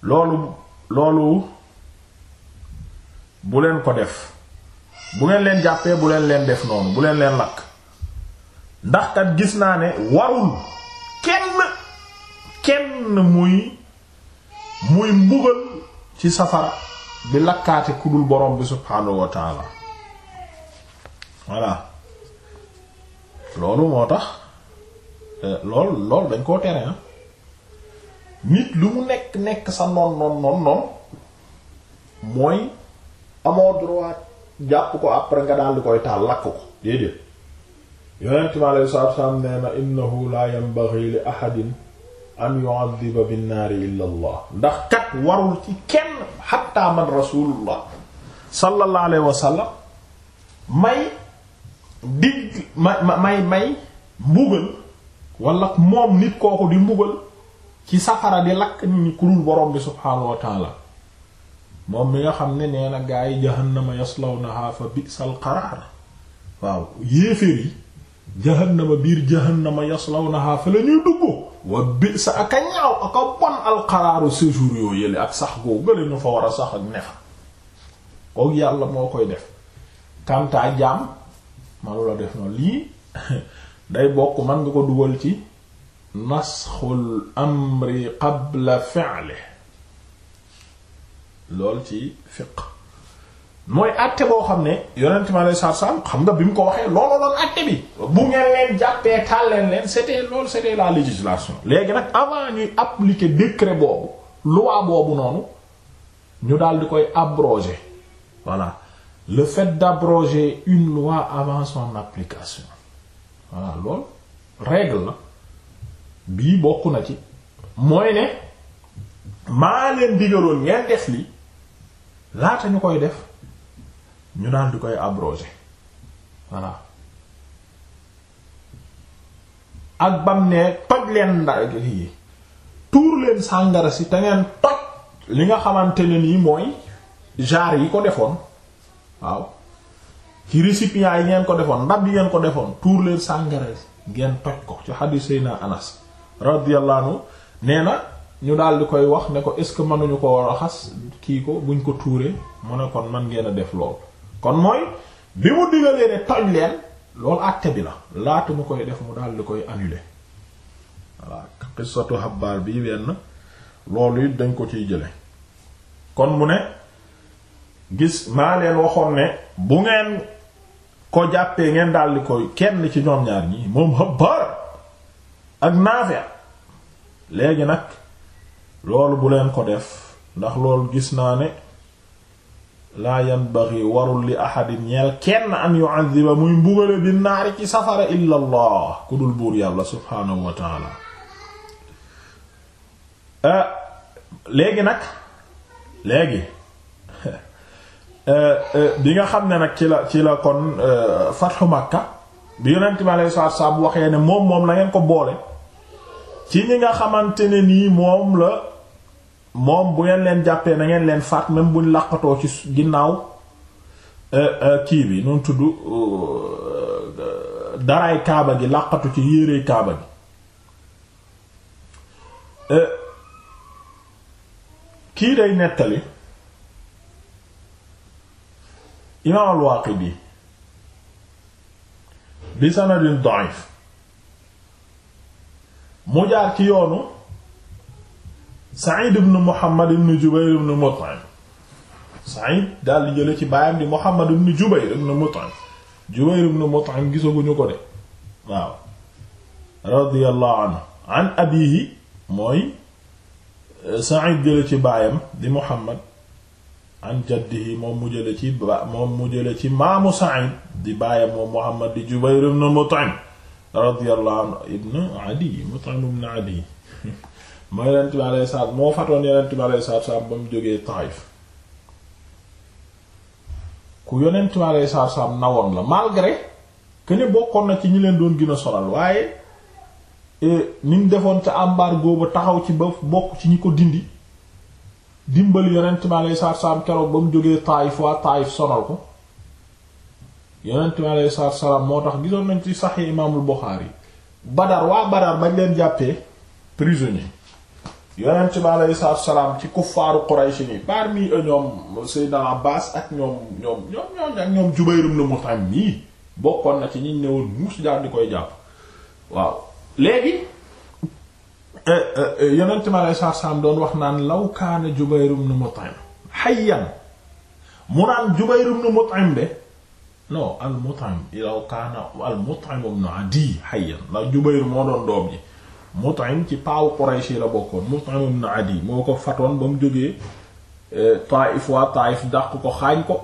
A: loolu loolu bu leen ko def bu ngeen leen jàppee bu leen leen def noonu bu leen leen lakk ndax kat gis naa ne warul kenn kenn muy muy mbugal ci safara di lakkaate ku dul borom bi subhaanahu wa taala loolu moo tax euh, lool lool dañ koo tere ah. nit lu mu nekk nekk sa noon noon noon noon mooy amoo droit jàpp ko après nga daal di koy taal lakk ko déedéet yonent nee na innahu la yanbaghi li ahadin an yu'adhiba naar illa allah ndax kat warul ci kenn xatta man rasulullah sallallahu alayhi wa sallam may digg may may mbugal wala moom nit kooku di mbugal ci safara di lakk nit ku dul borom bi subhaanahu wa moom mi nga xam ne nee na gaa yi jahannama yaslawnaha fa bi'sal qaraar waaw yéeféer yi jahannama biir jahannama yaslawnaha fa la ñuy dugg wa bi'sa ak a ñaaw ak a bon alxaraaru séjour yoo yële ak sax goo gële nu fa war a sax ak nefa kook yàlla moo koy def kantaa jaam manu la def noonu lii day bokk man nga ko dugal ci nasxul amri qabla fi'li lool ci fiqh mooy àtte boo xam ne yonent ma lay sar sam xam nga bi mu ko waxee looloo doon àtte bi bu ngeen leen jàppee taal leen leen c'était loolu c'était la législation léegi nag avant ñuy appliquer décret boobu loi boobu noonu ñu daal di koy abroger voilà le fait d'abroger une loi avant son application voilà loolu règle la bii bokk na ci mooy ne maa leen digaloon ngeen def li laata ñu koy def ñu daal di koy abrogé voilà ak bam ne toj leen nda yi tuur leen sàngara si te ngeen toj li nga xamante ne nii mooy genre yi ko defoon waaw ci récipients yi ngeen ko defoon ndab yi ngeen ko defoon tuur leen sàngara si ngeen toj ko ci xadiis Seydina Anas radiyallahu anhu nee na ñu daal di koy wax ne ko est ce que mënuñu ko raxas kii ko buñ ko tuure mu ne kon man ngeen a def lool kon mooy bi mu digalee ne toj leen loolu àtte bi la laatumu koy def mu daal di koy annuler voilà xisatu xabaar bi wenn loolu it dañ ko ciy jële kon mu ne gis maa leen waxoon ne bu ngeen ko jàppee ngeen daldi di koy kenn ci ñoom ñaar ñi moom xabaar ak naafe léegi nag loolu bu leen ko def ndax loolu gis naa ne laa yanbaghi warul li ahadin ñeel kenn an yu'adhiba muy mbugale bi naari ci safara illa allah ku dul buur yàlla subhaanahu wa ah, léegi nag léegi ah, ah, bi nga xam ne nag ci la ci la kon fatxu Makka bi yonent bi alayhi salaatu waxee ne moom moom na ko boole ci ñi nga xamante ne nii moom la moom bu ngeen leen jàppee na ngeen leen faat même buñ làqatoo ci ginnaaw euh, euh, kii bi noonu tudd euh, daraay kaaba gi làqatu ci yéerey kaaba gi kii day nettali imaam al-Waaqidi bi sanadin da'if mu jaar ci yoonu Sa'id ibn Muhammad ibn Jubayr ibn Mut'im Sa'id daal di jële ci baayam di Muhammad ibn Jubayr ibn Mut'im Jubayr ibn Mut'im gisaguñu ko de waaw radiyallahu anhu an abihi mooy euh, Sa'id jële ci baayam di Muhammad an jaddihi moom mu jële ci ba moom mu jële ci maamu Sa'id di baayam moom Muhammad di Jubayr ibn Mut'im radiyallahu anhu ibn Adi Mut'im ibn Adi moo yonent bi alayhi salaam moo fatoon yonent bi alayhi salaam ba mu jógee Taif ku yonent bi alayhi salaam nawoon la malgré que bokkoon na ci ñi leen doon gën a sonal waaye eh, ni mu defoon ca embargo ba taxaw ci ba bokk ci ñi ko dindi dimbali yonent bi alayhi salaam keroog ba mu jógee Taif waa Taif sonal ko yonent bi alayhi salaam moo tax gisoon nañ ci Sahih Imaamul Buxaari Badar waa Badar bañ leen jàppee prisonnier yonent bi aleyhi salaam ci kuffaaru Quraysh ni parmi eux ñoom Seydina Abbas ak ñoom ñoom ñoom ñoom ak ñoom Jubayr ibn Mut'im nii bokkoon na ci ñi ñëwoon muus daal di koy jàpp waaw léegi eh, eh, yonent bi aleyhi salaam doon wax naan law kaana Jubayr ibn Mut'im hayyan mu naan Jubayr ibn Mut'im de non al Mut'im law kaana al Mut'im ibn Adi hayyan ndax Jubayr moo doon doom ji Mut'im ci paawu Quraysh yi la bokkoon Mut'im ibn Adi moo ko fatoon ba mu jógee eh, Taayif waa Taayif dàq ko xaañ ko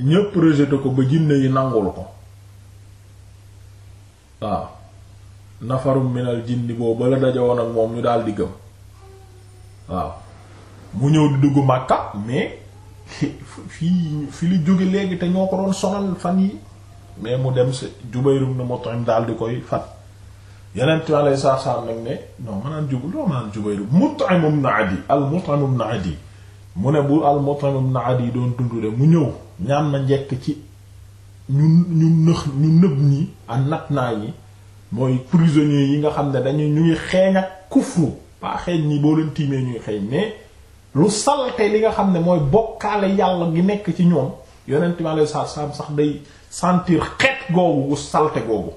A: ñépp rejeté ko ba jinne yi nangul ko waaw nafarum minal jinni boobu la dajawoon moom ñu daal di gëm waaw mu ñëw di dugg Makka mais fii fi li jóge léegi te ñoo ko doon sonal fan yi mais mu dem si Jubayrum na Mut'im daal di koy fat yeneen tubaab lay saa saa nag ne non maanaam jublu non maanaam jublu Mut'im ibn Adi al Mut'im ibn Adi mu ne bu al Mut'im ibn Adi doon dund de mu ñëw ñaan na njekk ci ñu ñu nëx ñu nëb ñi ak nat naa mooy prisonniers yi nga xam ne dañu ñu ngi xeeñ ak kufru pas xeeñ ñi boo leen tiimee ñuy xeeñ mais lu salte li nga xam ne mooy bokkaale yàlla gi nekk ci ñoom yonent bi alayhi salaam sax day sentir xeet googu gu salte googu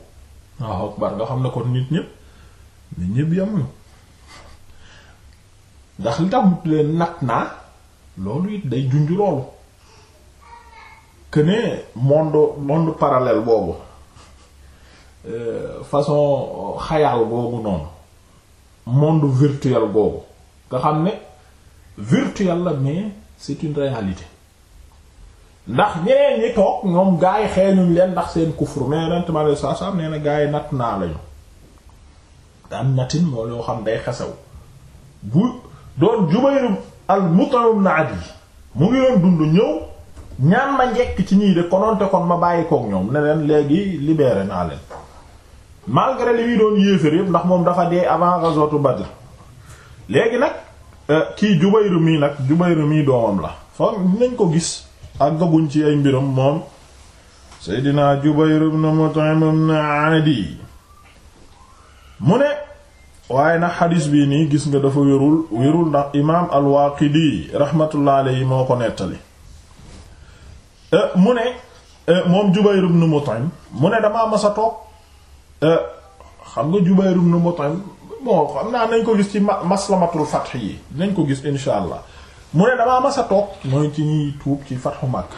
A: waaw akbar nga xam ne ko nit ñëpp nit ñëpp yamuñu ndax li tax nat naa loolu it day junj loolu que ne monde monde parallèle boobu euh, façon xayal boobu noonu monde virtuel boobu nga xam ne virtuel la mais c'est une réalité ndax ñeneen ñi toog ñoom gaa yi xeeñuñ leen ndax seen kufru mais yonent mi alayhi salaatu salaam nee na gaa yi natt naa lañu daan natin moo loo xam day xesew bu doon Jubayr al-Mut'im ibn Adi mu ngi doon dund ñëw ñaan ma njekk ci ñii de kononte kon ma bàyyi koog ñoom ne leen léegi libeere naa leen malgré li doon yéefar yëpp ndax moom dafa dee avant ghazwatu Badr léegi nag euh, kii Jubayr mii nag Jubayr mii doomam la foog nañ ko gis àggaguñ ci ay mbiram moom Seydina Jubayr ibn Mut'im ibn mu ne waaye na xadis bii nii gis nga dafa wérul wérul ndax imaam al-Waaqidi rahmatullah moo ko nettali eh, mu ne eh, moom Jubayr ibn Mut'im mu ne damaa mas a toog eh, xam nga Jubayr ibn Mut'im bon xam naa nañ ko gis ci maslamatul fath yi nañ ko gis insha allah mu ne damaa mas toog mooy ci ñuy tuub ci fatxu Makka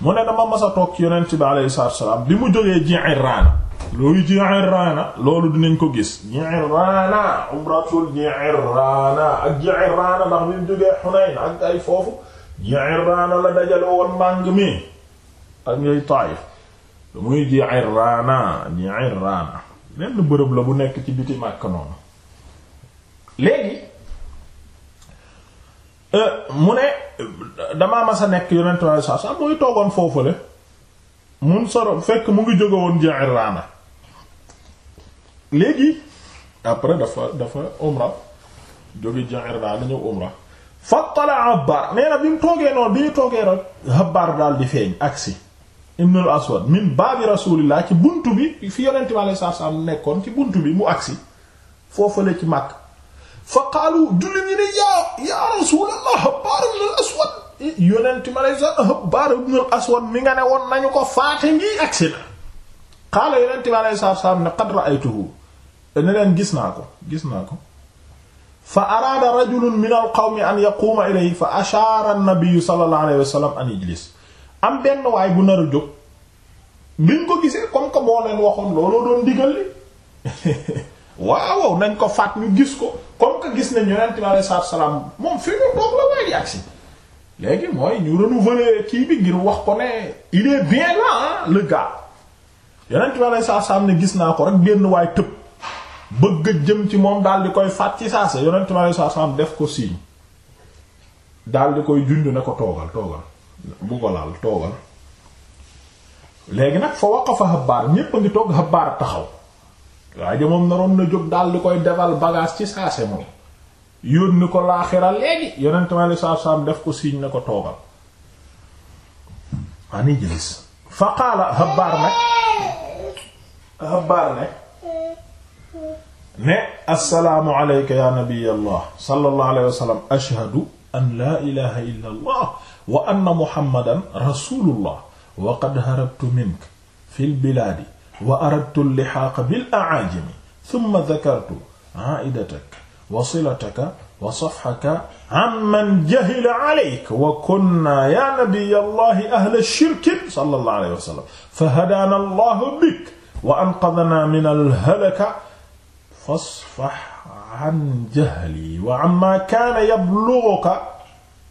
A: mu ne dama mas a toog ci yonent bi alayhi salaatu bi mu jógee Ji'irraana looyu Ji'irraana loolu dinañ ko gis Ji'irraana umratul Ji'irraana ak Ji'irraana ndax ak ay foofu la dajale woon màng mi ak ngay Taayif muy Ji'irraana Ji'irraana lenn bërëb la bu nekk ci biti Makka noonu léegi Euh, mu ne damaa mas sa nekk yonentu Yàlla saa saa muy toogoon foofule mun soro fekk mu ngi jóge woon Ji'irraana léegi après dafa dafa umra jóge Ji'irraana ñëw umra fattala Habbaar nee bi mu toogee noonu bi ñu toogee rek Habbaar daal di feeñ agsi ibnul Aswad min baabi Rasuulillah ci buntu bi fi yonentu Yàlla saa saa mu nekkoon ci buntu bi mu agsi foofule ci Makka fa qaalu jullit ñi ne yaa yaa rasulallah Habbaar ibn al-Aswad eh, yonent ma lay sa Habbaar ibn al-Aswad mi nga ne woon nañu ko faate ngi agsi na qaala yonent ma lay saab saab ne qad ra'aytuhu eh, ne leen gis naa ko gis naa ko fa araada rajulun min al an yaquuma ilayhi fa ashaara an-nabiyyu sallallahu alayhi wa an yajlis am benn waay bu nar a jóg biñ ko gisee comme que moo leen waxoon looloo doon digal li waaw nañ ko faat ñu gis ko comme que gis nañ yonent bi alayhi salaatu salaam moom fi mu toog la waay di agsi léegi mooy ñu renouveler kii bi ngir wax ko ne il est bien là le gars yonent bi alayhi salaam ne gis naa ko rek benn waay tëb bëgg a jëm ci moom daal di koy faat ci saa sa yonent bi alayhi salaatu salaam def ko signe daal di koy junj ne ko toogal toogal bu ko laal toogal léegi nag fa waqafa Habbaar ñépp a ngi toog Habbaar taxaw. waa ja moom naroon na jóg daal di koy defal bagage ci saase moom yónni ko laaxira léegi yonent mi alei satu def ko siiñ na ko toogal ani jëlis fa qaala Habbaar nag Habbaar ne ne assalaamu alayka ya nabiy allah sallallahu alayhi wa sallam ashhadu an laa ilaha illa allah wa anna muhammadan rasulullah wa qad harabtu minka fil bilaadi wa aradtu llixaaqa bil aajami thumma dhakartu aaidataka wa silataka wa safhaka amman jahila alayka wa kunna ya nabiy allahi ahla shirkin sallallahu alayhi wa sallam fahadaana allahu bik wa anqadana min alhalaka fasfah an jahli wa amma kaana yablughuka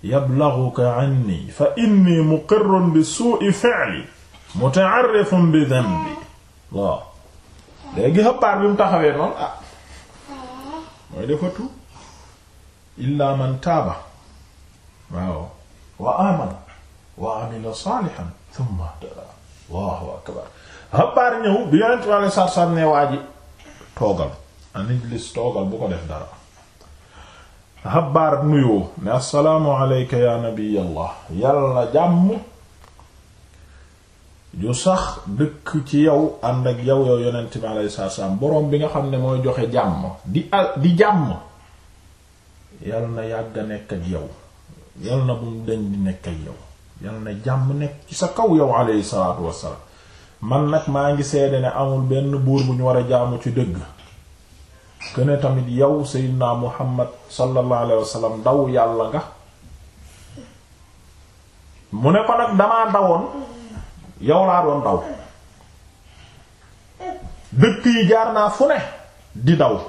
A: yablughuka anni fa inni muqirrun bi suu'i fi'li muta'arrifun bi dhanbi waaw léegi xabaar bi mu taxawee noonu ah mooy dafa tuub illa man taaba waaw wa amana wa amila salihan thumma tada allahu xabaar ñëw bi yonent bi alei satu ne waa toogal an ijlis toogal bu ko def dara xabaar nuyoo ne assalaamu alayka ya nabiyallah yàlla jàmm ju sax dëkk ci yow ànd ak yow yow yonent bi alayhi salaam boroom bi nga xam ne mooy joxe jàmm di al di jàmm yal na yàgg a nekk ak yow yal na bu mu deñ di nekk ak yow yal na jàmm nekk ci sa kaw yow alayhi salaatu wassalaam man nag maa ngi seede ne amul benn buur bu ñu war a jaamu ci dëgg këne tamit yow seydinaa muhammad sallallahu alayhi wasallam daw yàlla nga mu ne ko nag damaa dawoon yow laa doon daw dëkk yi jaar naa fu ne di daw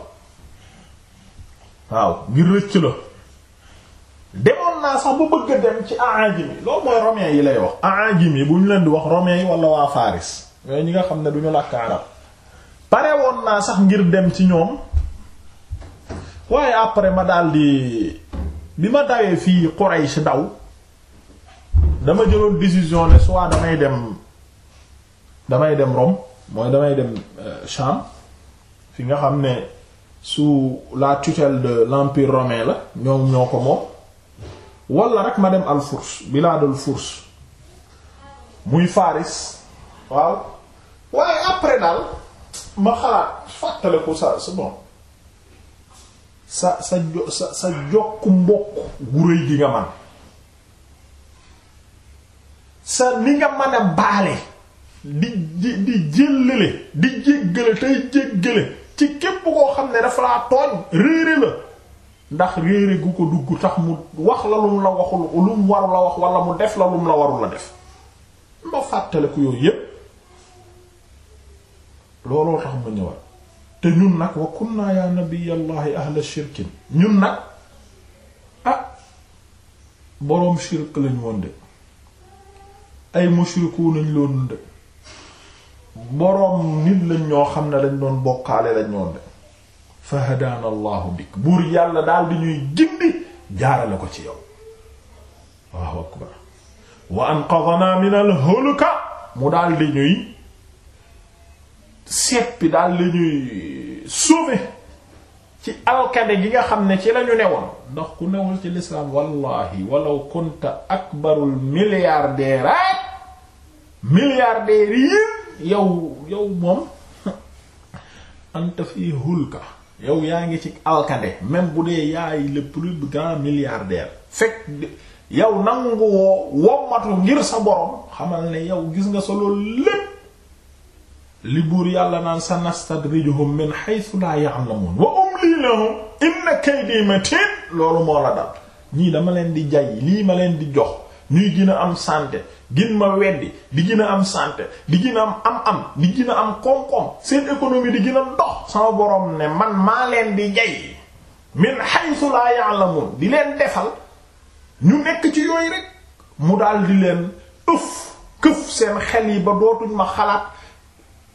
A: waaw ngir rëcc la demoon naa sax bu bëgg a dem ci aajim yi loolu mooy romain yi lay wax aajim yi bu ñu leen di wax romain yi wala waa Faris yooyu ñi nga xam ne du ñu làkk arab pare naa sax ngir dem ci ñoom waaye après ma daldi bi ma dawee fii ci daw dama jëloon décision ne soit damay dem damay dem Rome mooy damay dem euh, Cham fi nga xam ne su la tutelle de l'empire romain la ñoom ñoo ko moom wala rek ma dem al Furs bilaadul Furs muy Faris waaw waaye après daal ma xalaat fàttale ko sa sa bon sa jo sa sa jokk mbokk gu rëy gi nga man sa ni nga mën baale di di jéllale di jéggale tey jéggale ci képp koo xam ne dafa laa tooñ réere la ndax réere gu ko dugg tax mu wax la lum la waxul lum waru la wax wala mu def la lum la waru la def ma fàttale ko yooyu yépp looloo tax ma ñëwal te ñun nag wa kunna ya nabiyallahi ahla shirkin ñun nag ah boroom shirk lañ woon de ay mushriku nañ loon de boroom nit lañ ñoo xam ne lañ doon bokkaale lañ ñoon de fa hadaana allahu bik buur yàlla daal di ñuy gindi jaarale ko ci yow allahu akbar wa anqadana min al hulka mu dal di ñuy seppi daal di ñuy sauver ci alkade gi nga xam ne ci lañu newoon ndax ku newul ci lislaam wallahi walaw kunta akbarul milliardaire milliardaire yow yow moom anta fii hulka yow yaa ngi ci alkande même bu dee yaay le plus grand milliardaire fekk yow nangu woo wommatu ngir sa borom xamal ne yow gis nga solo lépp li buur yàlla naan sa nastadrijuhum min haythu na moom wa umli lahum inna kaydi matin loolu moo la dal ñii dama leen di jay lii ma leen di jox ñuy gën a am santé gin ma weddi di gën a am santé di gën a am am-am di gën a am koom-koom seen économie di gën a dox sama borom ne man maa leen di jay min haythu la ya'lamun di leen defal ñu nekk ci yooyu rek mu daal di leen ëf këf seen xel yi ba dootuñ ma xalaat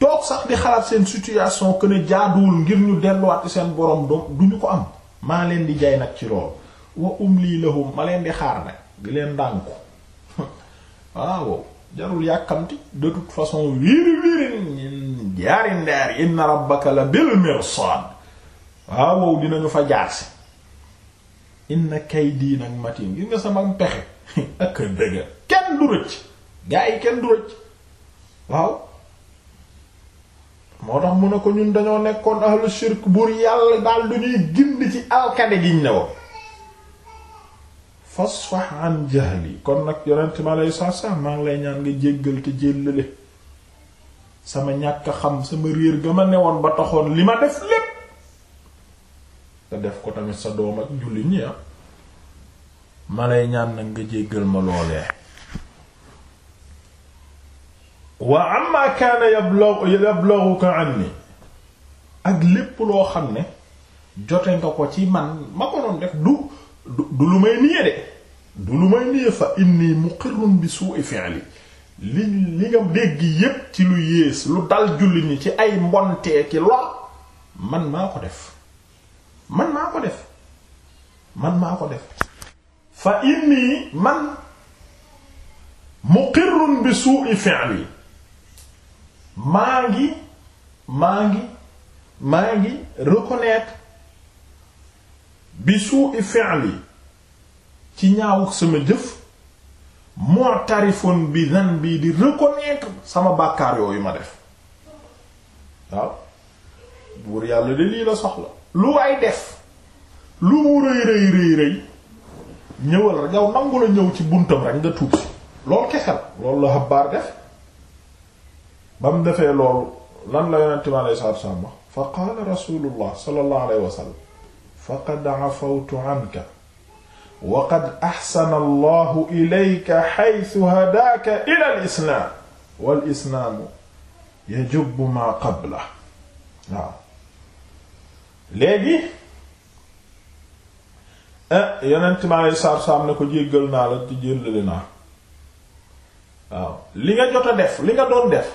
A: toog sax di xalaat seen situation que ne jaaduwul ngir ñu delluwaat ci seen borom doom du ñu ko am maa leen di jay nag ci loolu wa umli lahum ma leen di xaar nag di leen ndànku ah, waaw jarul yàkkamti de toute façon wiiri wiiri ñun jaari ndaar inna rabbaka la bil mirsad ah, waaw dinañu fa jaar si inna kay diin ak matin gis nga sama pexe ak dëgg kenn du rëcc gaa yi kenn du rëcc waaw moo tax mun ne ko ñun dañoo nekkoon ahlu shirk buur yàlla daal du ñuy ci alkade gi ne woon fasfax an jahli kon nag yonent ma lay saa saa maa ngi lay ñaan nga jéggal te jéllale sama ñàkk xam sama réer ga ma newoon ba taxoon li ma def lépp te def ko tamit sa doom ak jullit ñi ah ma lay ñaan nag nga jéggal ma loolee wa amma kaana yablaw yablawuka anni ak lépp loo xam ne jote nga ko ci man ma ko doon def du du lu may niye de du lu may niye fa inni muqirrun bi su'i fi'li li li nga dégg yépp ci lu yées lu dal julli ni ci ay mbontee ki lool man maa ko def man maa ko def man maa ko def fa inni man muqirrun bi su'i fi'li maa ngi maa ngi maa ngi reconnaître bi suu'i fi'li ci ñaawuk sama jëf mu'tarifun bi bii di reconnaître sama bàkkaar yooyu ma def waaw buur yàlla de lii la soxla lu waay def lu mu rëy rëy rëy ñëwal rek yow nangu la ñëw ci buntam rek nga tuub si loolu kese la loolu la Habbaar def ba mu defee loolu lan la yonent bi alayhi salaatu salaam fa qaala rasuulullah sallallahu alayhi wa faqad afawtu anka wa qad axsana allahu ilayka xaytu hadaaka ila islaam wal islaamu yajubbu maa qabla waaw léegi eh, yonent mi alei saatu salaam ne ko jéggal naa la te naa waaw li nga jot a def li nga doon def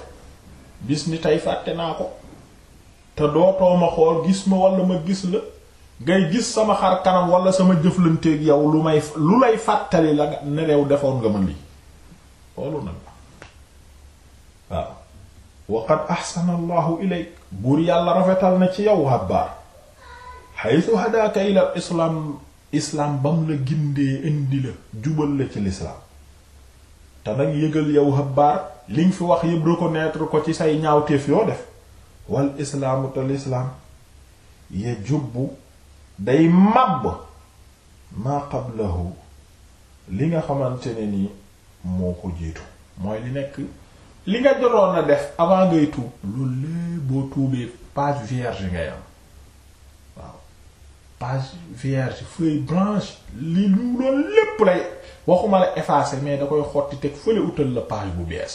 A: bis ni tey fàtte naa ko te dootoo ma xool gis ma walla ma gis la ngay gis sama xar kanam wala sama jëflanteeg yow lu may lu lay fàttali la ne rew defoon nga ma lii loolu waaw wa qad ahsana buur yàlla rafetal na ci yow habbaar haythu hadaaka ila islaam islaam bam la gindee indi la jubal la ci lislaam te nag yëgal yow habbaar li nga fi wax yëpp reconnaître ko ci say ñaawteef yoo def wal islaamu te lislaam ya jubbu day màbb maa qablahu li nga xamante ne nii moo ko jiitu mooy li nekk li nga joroon a def avant ngay tuub loolu lee boo tuubee page vierge ngay am waaw page vierge feuille blanche li lu loolu lépp lay waxuma la effacer mais da koy xotti teg fële utal la page bu bees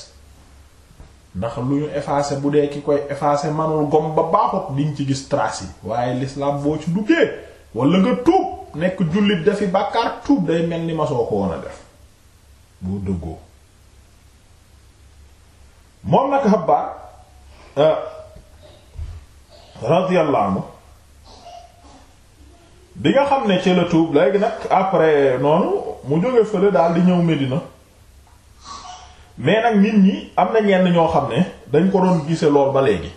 A: ndax lu ñu effacer bu dee ki koy effacer manul gom ba baaxut diñ ci gis trace yi waaye l'islam boo ci duggee wala nga tuub nekk jullit dafi bàkkaar tuub day mel ni masoo ko woon a def boo dëggoo moom nag Habbaar euh, radiyallahu anhu bi nga xam ne ci la tuub léegi nag après noonu mu jóge fële daal di ñëw Medina mais nag nit ñi am na ñenn ñoo xam ne dañ ko doon gise lool ba léegi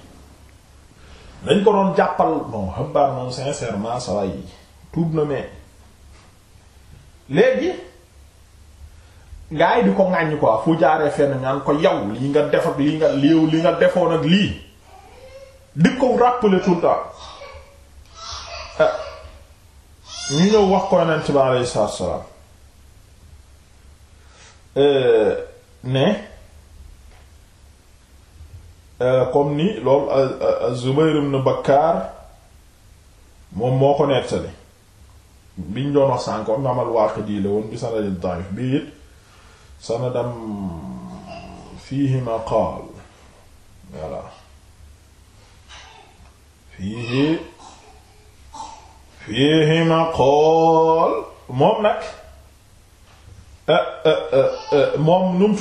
A: lañ ko doon jàppal bon xabaar moom sincèrement saway yi tuub na mais léegi gars yi di ko ŋàññ quoi fu jaaree fenn ñaan ko yow li nga def ak li nga léew li nga defoon ak lii di ko rappeler tout le temps ah, ñëw wax ko yonent bi alayhi salaatu wa salaam euh, ne Euh, comme ni loolu euh, euh, Zubayr ibn Bakkar moom moo ko nettali biñ doon wax sànko imaam al-Waaqidi la woon bi sanadin sanadam fiihi maqaal voilà fiihi fiihi maqaal moom nag Euh, euh, euh, moom nu mu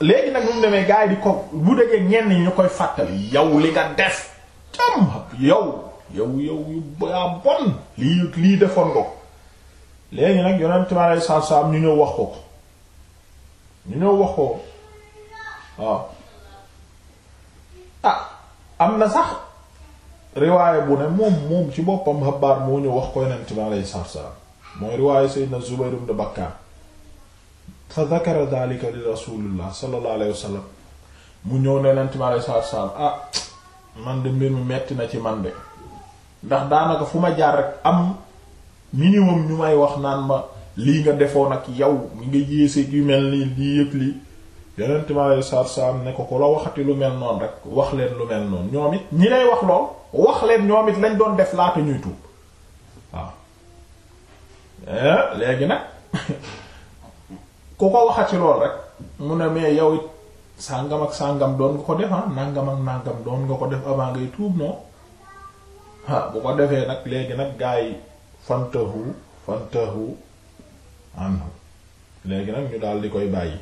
A: léegi nag nu mu demee gars di ko bu dajee ñenn ñi ñu koy fàttali yow li nga def tam yow yow yow yu yaa bon lii lii defoon nga léegi nag yonent mi aleyhi salaatu salaam ñu ñëw wax ko ñu ñëw wax ko waaw ah am na sax riwaaye bu ne moom moom ci boppam xabaar moo ñu wax ko yonent mi aleyhi salaatu salaam mooy riwaaye Seydina Zubayr ibn Bakkar sa dakara daalika li rasulillah sallallahu alayhi mu ñëw ne leen tamit ah man de mbir mu metti na ci man de ndax daanaka fu ma jaar rek am minimum ñu may wax naan ma lii nga defoon ak yow mi nga yéeseeg yu mel nii lii yëg lii yeneen tamit saabsaab ne ko ku la waxati lu mel noonu rek wax leen lu mel noonu ñoom it ñi lay wax lool wax leen ñoom it lañ doon def laata ñuy tuub waaw eh, léegi nag. ku ko waxati lool rek mu ne mais yow it sàngam ak sàngam doon nga ko def ah, nàngam ak nàngam doon nga ko def avant ngay tuub non bu ko defee nag léegi nag gaa yi fantahu fantahu anhu léegi nag ñu daal koy bàyyi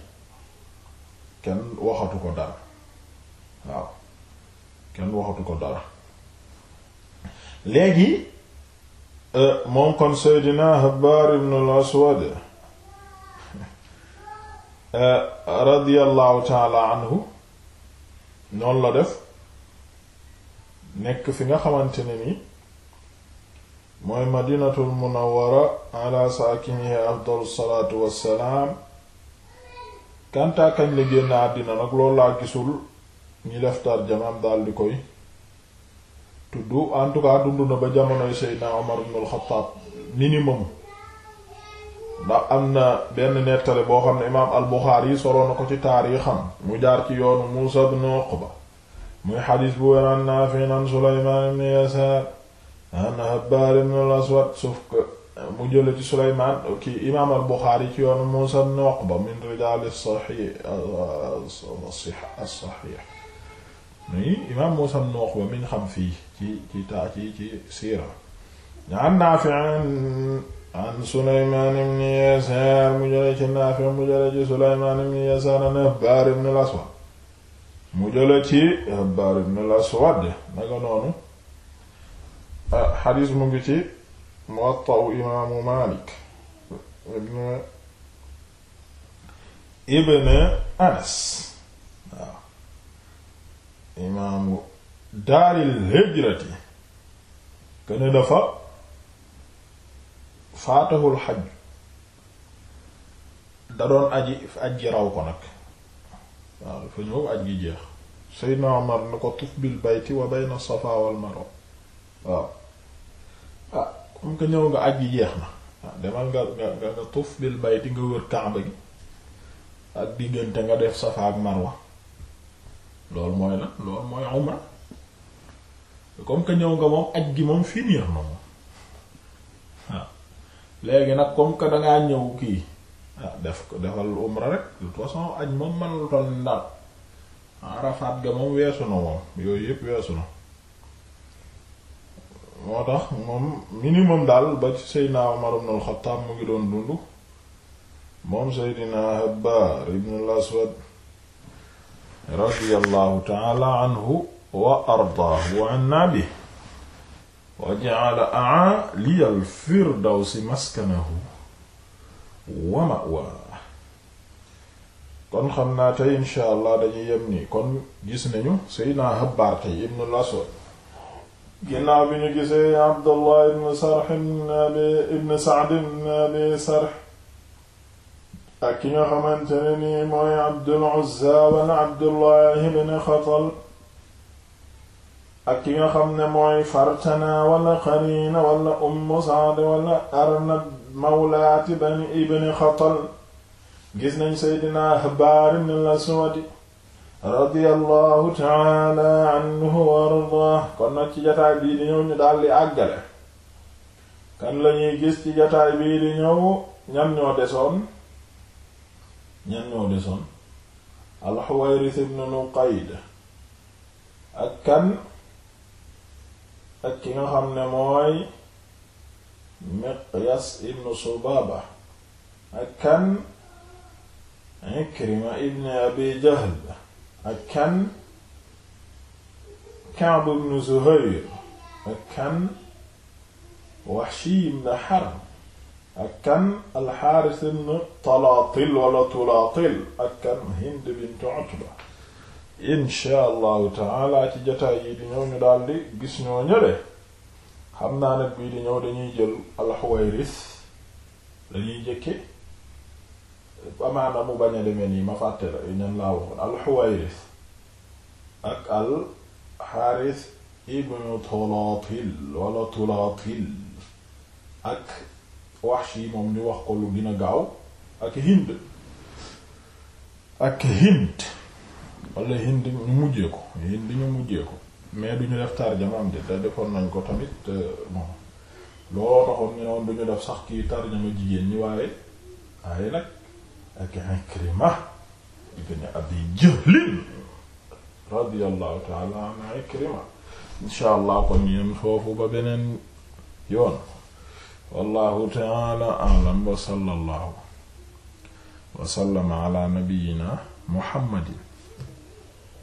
A: kenn waxatu ko dara waaw kenn waxatu ko dara léegi euh, moom kon Seydina Habbar ibn al-Aswad Eh, radiyallahu taala anhu noonu la def nekk fi nga xamante ne ni mooy madinatul munawwara ala saakinihi afdalu salaatu wassalaam kàntaakañ la génn àddina nag loolu laa gisul ñi def tarjamaam daal di koy tudd en tout cas dund na ba jamonoy Seydina Omar ibn al minimum ndax am na benn nettale boo xam ne imaam al-Buxaari yi soloo na ko ci taarixam mu jaar ci yoonu Muusa ibn Uqba muy xadis bu weraan Naafi' an Sulaymaan ibn Yasaar an Habbaar ibn al-Aswad sauf que mu jële ci Sulaymaan ki imaam al-Buxaari ci yoonu Muusa ibn Uqba min rijaal as-saxiix as-saxiix muy imaam Muusa ibn Uqba min xam fii ci ci ta ci ci siira an Naafi' an Sulaymaan ibn Yasaar mu jële ci Naafi mu jële ci ibn Yasaar an Abbaar ibn al mu jële ci Abbaar ibn al-Aswad naka noonu ah, xadiis mu ngi ci Muwatta imaamu Maalik ibn ibn Anas waaw imaamu daaril hijrati kenn dafa faatahul xaj da doon aji aji raw ko nag waaw dafa ñëw aj gi jeex Seydina Omar na ko tuf bil bayti wa bayna Safa wal Marwa waaw ah comme que ñëw nga aj gi jeex na ah, demal nga nga nga tuf bil bayti nga wër Kaaba gi ak diggante nga def Safa ak Marwa loolu mooy la loolu mooy umra comme que ñëw nga moom aj gi moom finir na moom léegi nag comme que dangaa ñëw kii ah, def ko defal umra rek de toute façon aj moom man lu toll ndaal Arafat ga moom weesu na moom yooyu yëpp weesu na moo tax moom minimum daal ba ci Seydina Umar ibn al-Khattab mu ngi doon dund moom Seydina Habbar ibn al-Aswad radiyallahu ta'ala wa ardaahu wa anna wa ja'ala a'aliyal firdawsi maskanahu wa ma'waa kon xam naa tey insha allah dañuy yem nii kon gis nañu Seydina Habbaar tey ibnul Aswad ginnaaw bi ñu gisee Abdullah ibn Sarh ibn Sa'd ibn Abi ak ki nga xamante ne nii mooy Abdul Uzza wala Abdullah ibn Xatal ak ki nga xam ne mooy fartana wala qarina wala umm saad wala arnab mawlaati bani ibni xatal gis nañ seydina ahbaar ibn al-aswadi taala anhu wa ardaah kon nag ci jataay bii di ñëw ñu daldi àggale kan lañuy gis ci jataay bii di ñëw ñan ñoo desoon ñan ñoo desoon al-Huwayrith ibn Nuqayd ak kan ak ki nga xam ne mooy Miqyas ibn Subaba ak kan Ikrima ibn Abi Jahl ak kan Ka'b ibn Zuhayr ak kan Wahshi ibn Harb ak kan Al-Harith ibn Talatil wala Tulatil ak kan Hind bint Utba insha allahu taala ci yi di ñëw ñu daldi gis ñoo ñële xam naa nag bii di ñëw dañuy jël alxuwayris dañuy jëkke amaana mu bañ a demee nii ma fàtte ñan laa waxoon alxuwayris ak al xaaris ibnu tulatil wala tulatil ak Wahshi moom ñu wax ko lu gën a gaaw ak hind ak hind wala hindi ñu mujjee ko hindi ñu mujjee ko mais duñu def tarjamaam de defoon nañ ko tamit bon looloo ñu ne woon duñu def sax kii tarjama jigéen ñi waaye waaye nag ak Ikrima ibn Abi Jahl radiyallahu ta'ala an Ikrima insha allah kon ñeem foofu ba beneen yoon wallahu ta'ala a'lam wa sallallahu wa sallama ala nabiyyina muhammadin